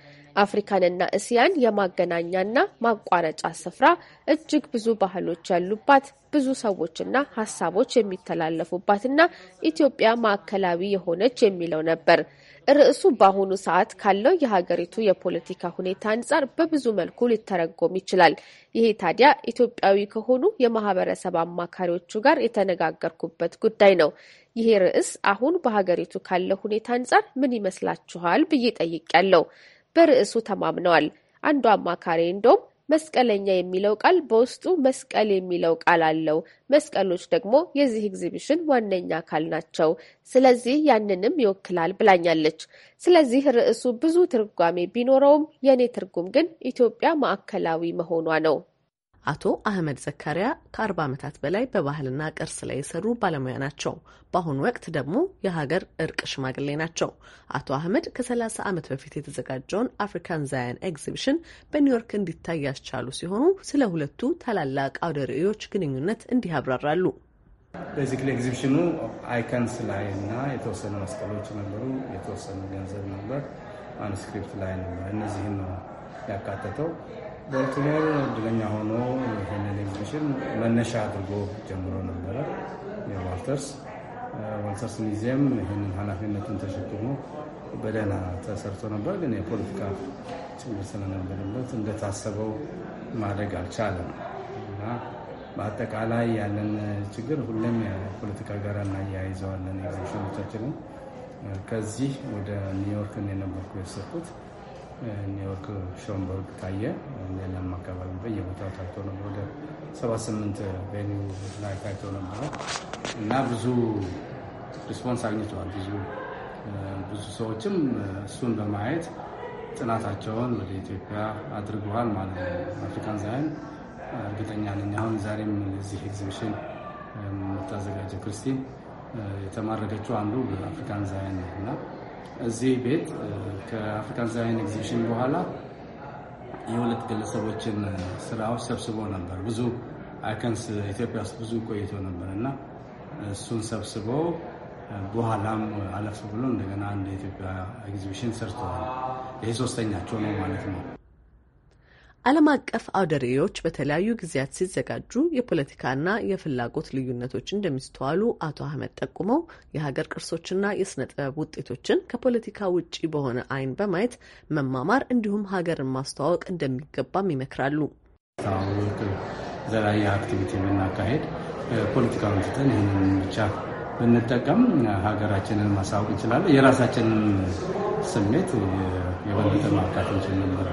አፍሪካንና እስያን የማገናኛና ማቋረጫ ስፍራ፣ እጅግ ብዙ ባህሎች ያሉባት፣ ብዙ ሰዎችና ሀሳቦች የሚተላለፉባትና ኢትዮጵያ ማዕከላዊ የሆነች የሚለው ነበር። ርዕሱ በአሁኑ ሰዓት ካለው የሀገሪቱ የፖለቲካ ሁኔታ አንጻር በብዙ መልኩ ሊተረጎም ይችላል። ይሄ ታዲያ ኢትዮጵያዊ ከሆኑ የማህበረሰብ አማካሪዎቹ ጋር የተነጋገርኩበት ጉዳይ ነው። ይሄ ርዕስ አሁን በሀገሪቱ ካለው ሁኔታ አንጻር ምን ይመስላችኋል ብዬ ጠይቄያለሁ። በርዕሱ ተማምነዋል። አንዱ አማካሪ እንደውም መስቀለኛ የሚለው ቃል በውስጡ መስቀል የሚለው ቃል አለው። መስቀሎች ደግሞ የዚህ ኤግዚቢሽን ዋነኛ አካል ናቸው። ስለዚህ ያንንም ይወክላል ብላኛለች። ስለዚህ ርዕሱ ብዙ ትርጓሜ ቢኖረውም የእኔ ትርጉም ግን ኢትዮጵያ ማዕከላዊ መሆኗ ነው። አቶ አህመድ ዘካሪያ ከአርባ ዓመታት በላይ በባህልና ቅርስ ላይ የሰሩ ባለሙያ ናቸው። በአሁኑ ወቅት ደግሞ የሀገር እርቅ ሽማግሌ ናቸው። አቶ አህመድ ከሰላሳ ዓመት በፊት የተዘጋጀውን አፍሪካን ዛያን ኤግዚቢሽን በኒውዮርክ እንዲታይ ያስቻሉ ሲሆኑ ስለ ሁለቱ ታላላቅ አውደ ርዕዮች ግንኙነት እንዲህ ያብራራሉ። ቤዚክሊ ኤግዚቢሽኑ አይከንስ ላይ እና የተወሰነ መስቀሎች ነበሩ፣ የተወሰነ ገንዘብ ነበር፣ ማኑስክሪፕት ላይ ነበር። እነዚህን ነው ያካተተው። ቦልቲሞር እድለኛ ሆኖ ይህንን ኤግዚቢሽን መነሻ አድርጎ ጀምሮ ነበረ። የዋልተርስ ዋልተርስ ሚዚየም ይህንን ኃላፊነቱን ተሸክሞ በደህና ተሰርቶ ነበር። ግን የፖለቲካ ችግር ስለነበረበት እንደታሰበው ማድረግ አልቻለም እና በአጠቃላይ ያለን ችግር ሁሌም የፖለቲካ ጋር እናያይዘዋለን ኤግዚቢሽኖቻችንን። ከዚህ ወደ ኒውዮርክን የነበርኩ የተሰጡት ኒውዮርክ ሾንበርግ ታየ፣ ሌላም አካባቢ በየቦታው ታይቶ ነበር። ወደ ስምንት ቬኒው ላይ ታይቶ ነበረ እና ብዙ ሪስፖንስ አግኝተዋል። ብዙ ብዙ ሰዎችም እሱን በማየት ጥናታቸውን ወደ ኢትዮጵያ አድርገዋል ማለት ነው። አፍሪካን ዛይን እርግጠኛ ነኝ። አሁን ዛሬም እዚህ ኤግዚቢሽን የምታዘጋጀው ክርስቲን የተማረገችው አንዱ በአፍሪካን ዛይን እና እዚህ ቤት ከአፍሪካን ዛይን ኤግዚቢሽን በኋላ የሁለት ግለሰቦችን ስራዎች ሰብስቦ ነበር። ብዙ አይከንስ ኢትዮጵያ ውስጥ ብዙ ቆይቶ ነበር እና እሱን ሰብስቦ በኋላም አለፍ ብሎ እንደገና አንድ የኢትዮጵያ ኤግዚቢሽን ሰርተዋል። ይሄ ሶስተኛቸው ነው ማለት ነው። ዓለም አቀፍ አውደሬዎች በተለያዩ ጊዜያት ሲዘጋጁ የፖለቲካና የፍላጎት ልዩነቶች እንደሚስተዋሉ አቶ አህመድ ጠቁመው የሀገር ቅርሶችና የስነ ጥበብ ውጤቶችን ከፖለቲካ ውጪ በሆነ አይን በማየት መማማር እንዲሁም ሀገርን ማስተዋወቅ እንደሚገባም ይመክራሉ። ዘላ አክቲቪቲ የምናካሄድ ፖለቲካዊ ትተን ይህንን ብቻ ብንጠቀም ሀገራችንን ማሳወቅ እንችላለን። የራሳችንን ስሜት የበለጠ ማካት እንችል ነበር።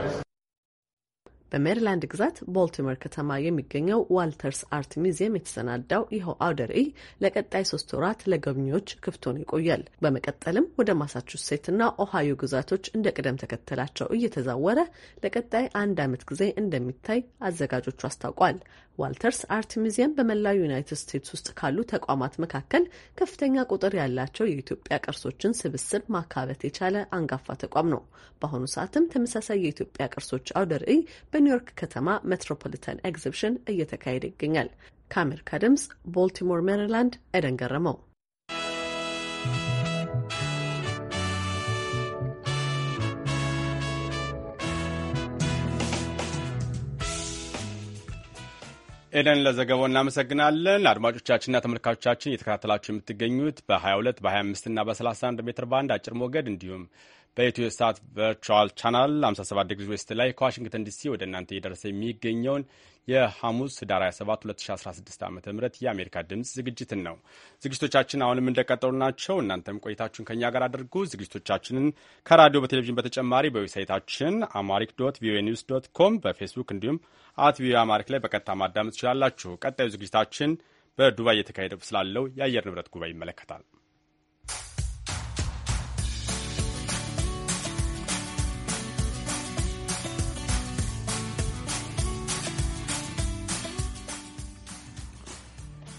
በሜሪላንድ ግዛት ቦልቲሞር ከተማ የሚገኘው ዋልተርስ አርት ሚዚየም የተሰናዳው ይኸው አውደ ርዕይ ለቀጣይ ሶስት ወራት ለጎብኚዎች ክፍት ሆኖ ይቆያል። በመቀጠልም ወደ ማሳቹሴትና ኦሃዮ ግዛቶች እንደ ቅደም ተከተላቸው እየተዛወረ ለቀጣይ አንድ ዓመት ጊዜ እንደሚታይ አዘጋጆቹ አስታውቋል። ዋልተርስ አርቲሚዚየም በመላው ዩናይትድ ስቴትስ ውስጥ ካሉ ተቋማት መካከል ከፍተኛ ቁጥር ያላቸው የኢትዮጵያ ቅርሶችን ስብስብ ማካበት የቻለ አንጋፋ ተቋም ነው። በአሁኑ ሰዓትም ተመሳሳይ የኢትዮጵያ ቅርሶች አውደ ርዕይ በኒውዮርክ ከተማ ሜትሮፖሊታን ኤግዚቢሽን እየተካሄደ ይገኛል። ከአሜሪካ ድምጽ ቦልቲሞር ሜሪላንድ፣ ኤደን ገረመው ኤደን ለዘገባው እናመሰግናለን። አድማጮቻችንና ተመልካቾቻችን እየተከታተላችሁ የምትገኙት በ22 በ25ና በ31 ሜትር ባንድ አጭር ሞገድ እንዲሁም በኢትዮ ሳት ቨርቹዋል ቻናል 57 ዲግሪ ዌስት ላይ ከዋሽንግተን ዲሲ ወደ እናንተ እየደረሰ የሚገኘውን የሐሙስ ህዳር 27 2016 ዓ ም የአሜሪካ ድምፅ ዝግጅትን ነው። ዝግጅቶቻችን አሁንም እንደቀጠሉ ናቸው። እናንተም ቆይታችሁን ከእኛ ጋር አድርጉ። ዝግጅቶቻችንን ከራዲዮ በቴሌቪዥን በተጨማሪ በዌብሳይታችን አማሪክ ዶት ቪኦኤ ኒውስ ዶት ኮም በፌስቡክ እንዲሁም አት ቪኦኤ አማሪክ ላይ በቀጥታ ማዳመጥ ትችላላችሁ። ቀጣዩ ዝግጅታችን በዱባይ እየተካሄደ ስላለው የአየር ንብረት ጉባኤ ይመለከታል።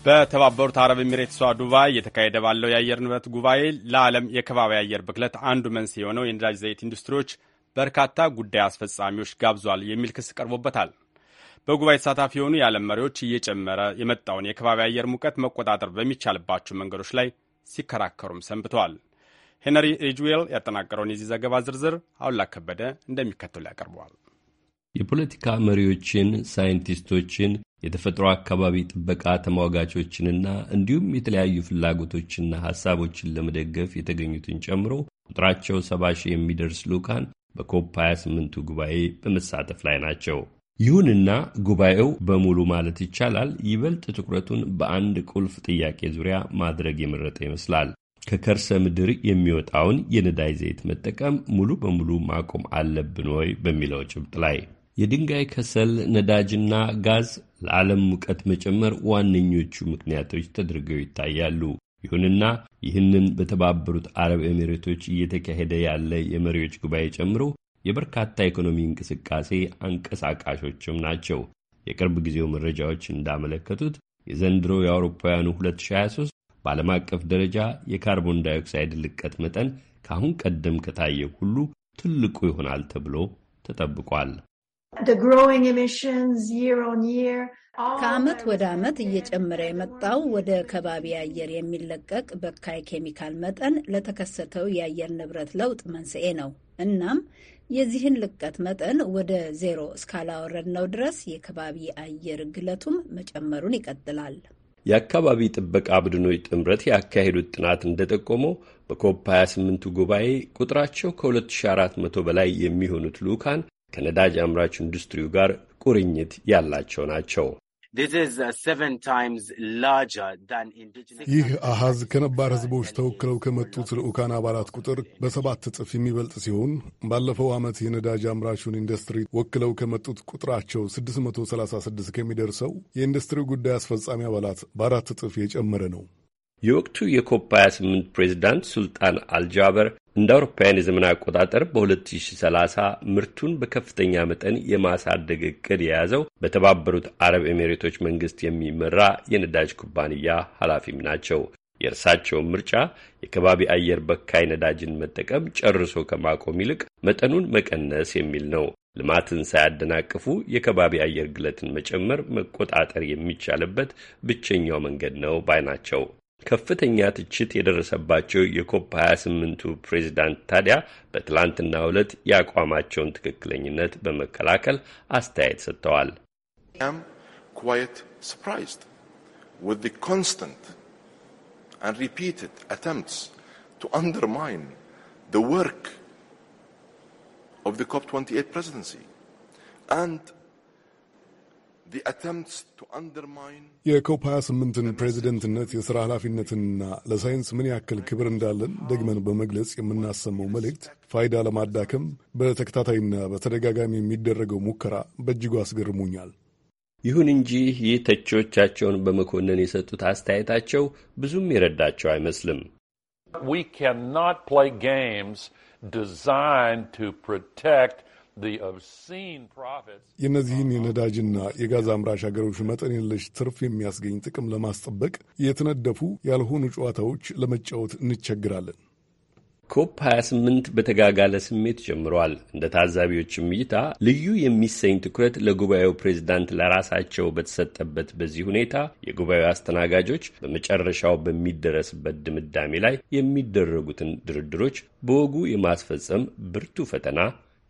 በተባበሩት አረብ ኤሚሬትሷ ዱባይ የተካሄደ ባለው የአየር ንብረት ጉባኤ ለዓለም የከባቢ አየር ብክለት አንዱ መንስኤ የሆነው የነዳጅ ዘይት ኢንዱስትሪዎች በርካታ ጉዳይ አስፈጻሚዎች ጋብዟል የሚል ክስ ቀርቦበታል። በጉባኤ ተሳታፊ የሆኑ የዓለም መሪዎች እየጨመረ የመጣውን የከባቢ አየር ሙቀት መቆጣጠር በሚቻልባቸው መንገዶች ላይ ሲከራከሩም ሰንብተዋል። ሄነሪ ሪጅዌል ያጠናቀረውን የዚህ ዘገባ ዝርዝር አውላ ከበደ እንደሚከተሉ ያቀርበዋል። የፖለቲካ መሪዎችን፣ ሳይንቲስቶችን፣ የተፈጥሮ አካባቢ ጥበቃ ተሟጋቾችንና እንዲሁም የተለያዩ ፍላጎቶችና ሀሳቦችን ለመደገፍ የተገኙትን ጨምሮ ቁጥራቸው ሰባ ሺህ የሚደርስ ልዑካን በኮፕ 28ቱ ጉባኤ በመሳተፍ ላይ ናቸው። ይሁንና ጉባኤው በሙሉ ማለት ይቻላል ይበልጥ ትኩረቱን በአንድ ቁልፍ ጥያቄ ዙሪያ ማድረግ የመረጠ ይመስላል። ከከርሰ ምድር የሚወጣውን የነዳጅ ዘይት መጠቀም ሙሉ በሙሉ ማቆም አለብን ወይ በሚለው ጭብጥ ላይ የድንጋይ ከሰል፣ ነዳጅና ጋዝ ለዓለም ሙቀት መጨመር ዋነኞቹ ምክንያቶች ተደርገው ይታያሉ። ይሁንና ይህንን በተባበሩት አረብ ኤሚሬቶች እየተካሄደ ያለ የመሪዎች ጉባኤ ጨምሮ የበርካታ ኢኮኖሚ እንቅስቃሴ አንቀሳቃሾችም ናቸው። የቅርብ ጊዜው መረጃዎች እንዳመለከቱት የዘንድሮ የአውሮፓውያኑ 2023 በዓለም አቀፍ ደረጃ የካርቦን ዳይኦክሳይድ ልቀት መጠን ከአሁን ቀደም ከታየው ሁሉ ትልቁ ይሆናል ተብሎ ተጠብቋል። ከዓመት ወደ ዓመት እየጨመረ የመጣው ወደ ከባቢ አየር የሚለቀቅ በካይ ኬሚካል መጠን ለተከሰተው የአየር ንብረት ለውጥ መንስኤ ነው። እናም የዚህን ልቀት መጠን ወደ ዜሮ እስካላወረድነው ድረስ የከባቢ አየር ግለቱም መጨመሩን ይቀጥላል። የአካባቢ ጥበቃ ቡድኖች ጥምረት ያካሄዱት ጥናት እንደጠቆመው በኮፕ 28ቱ ጉባኤ ቁጥራቸው ከ2400 በላይ የሚሆኑት ልዑካን ከነዳጅ አምራች ኢንዱስትሪው ጋር ቁርኝት ያላቸው ናቸው። uh, ይህ አሃዝ ከነባር ህዝቦች ተወክለው ከመጡት ልዑካን አባላት ቁጥር በሰባት እጥፍ የሚበልጥ ሲሆን ባለፈው ዓመት የነዳጅ አምራቹን ኢንዱስትሪ ወክለው ከመጡት ቁጥራቸው 636 ከሚደርሰው የኢንዱስትሪው ጉዳይ አስፈጻሚ አባላት በአራት እጥፍ የጨመረ ነው። የወቅቱ የኮፕ 28 ፕሬዚዳንት ሱልጣን አልጃበር እንደ አውሮፓውያን የዘመን አቆጣጠር በ2030 ምርቱን በከፍተኛ መጠን የማሳደግ እቅድ የያዘው በተባበሩት አረብ ኤሚሬቶች መንግስት የሚመራ የነዳጅ ኩባንያ ኃላፊም ናቸው። የእርሳቸውን ምርጫ የከባቢ አየር በካይ ነዳጅን መጠቀም ጨርሶ ከማቆም ይልቅ መጠኑን መቀነስ የሚል ነው። ልማትን ሳያደናቅፉ የከባቢ አየር ግለትን መጨመር መቆጣጠር የሚቻልበት ብቸኛው መንገድ ነው ባይ ናቸው። ከፍተኛ ትችት የደረሰባቸው የኮፕ 28ቱ ፕሬዚዳንት ታዲያ በትላንትና ዕለት የአቋማቸውን ትክክለኝነት በመከላከል አስተያየት ሰጥተዋል። የኮፕ 28ን ፕሬዚደንትነት የሥራ ኃላፊነትንና ለሳይንስ ምን ያክል ክብር እንዳለን ደግመን በመግለጽ የምናሰመው መልእክት ፋይዳ ለማዳከም በተከታታይና በተደጋጋሚ የሚደረገው ሙከራ በእጅጉ አስገርሙኛል። ይሁን እንጂ ይህ ተቺዎቻቸውን በመኮንን የሰጡት አስተያየታቸው ብዙም ይረዳቸው አይመስልም። We cannot play games designed to protect የእነዚህን የነዳጅና የጋዝ አምራች ሀገሮች መጠን የለሽ ትርፍ የሚያስገኝ ጥቅም ለማስጠበቅ የተነደፉ ያልሆኑ ጨዋታዎች ለመጫወት እንቸግራለን። ኮፕ 28 በተጋጋለ ስሜት ጀምሯል። እንደ ታዛቢዎችም እይታ ልዩ የሚሰኝ ትኩረት ለጉባኤው ፕሬዝዳንት ለራሳቸው በተሰጠበት በዚህ ሁኔታ የጉባኤው አስተናጋጆች በመጨረሻው በሚደረስበት ድምዳሜ ላይ የሚደረጉትን ድርድሮች በወጉ የማስፈጸም ብርቱ ፈተና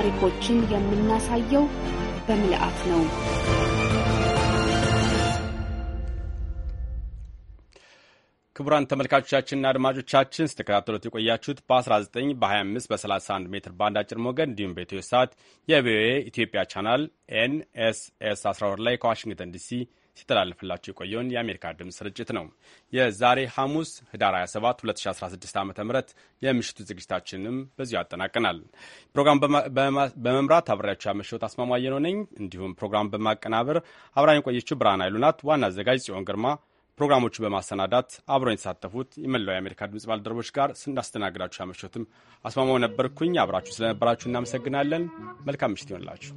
ታሪኮችን የምናሳየው በምልአት ነው። ክቡራን ተመልካቾቻችንና አድማጮቻችን ስተከታተሉት የቆያችሁት በ19 በ25 በ31 ሜትር ባንድ አጭር ሞገድ እንዲሁም በኢትዮ ሰዓት የቪኦኤ ኢትዮጵያ ቻናል ኤንኤስኤስ 12 ላይ ከዋሽንግተን ዲሲ ሲተላለፍላችሁ የቆየውን የአሜሪካ ድምፅ ስርጭት ነው። የዛሬ ሐሙስ ህዳር 27 2016 ዓ ም የምሽቱ ዝግጅታችንም በዚሁ ያጠናቀናል። ፕሮግራም በመምራት አብሬያችሁ ያመሸሁት አስማማየነው ነኝ። እንዲሁም ፕሮግራም በማቀናበር አብራኝ የቆየችው ብርሃን አይሉናት ዋና አዘጋጅ ጽዮን ግርማ ፕሮግራሞቹ በማሰናዳት አብረን የተሳተፉት የመላው የአሜሪካ ድምፅ ባልደረቦች ጋር ስናስተናግዳችሁ ያመሸሁትም አስማማው ነበርኩኝ። አብራችሁ ስለነበራችሁ እናመሰግናለን። መልካም ምሽት ይሆንላችሁ።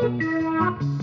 Thank you.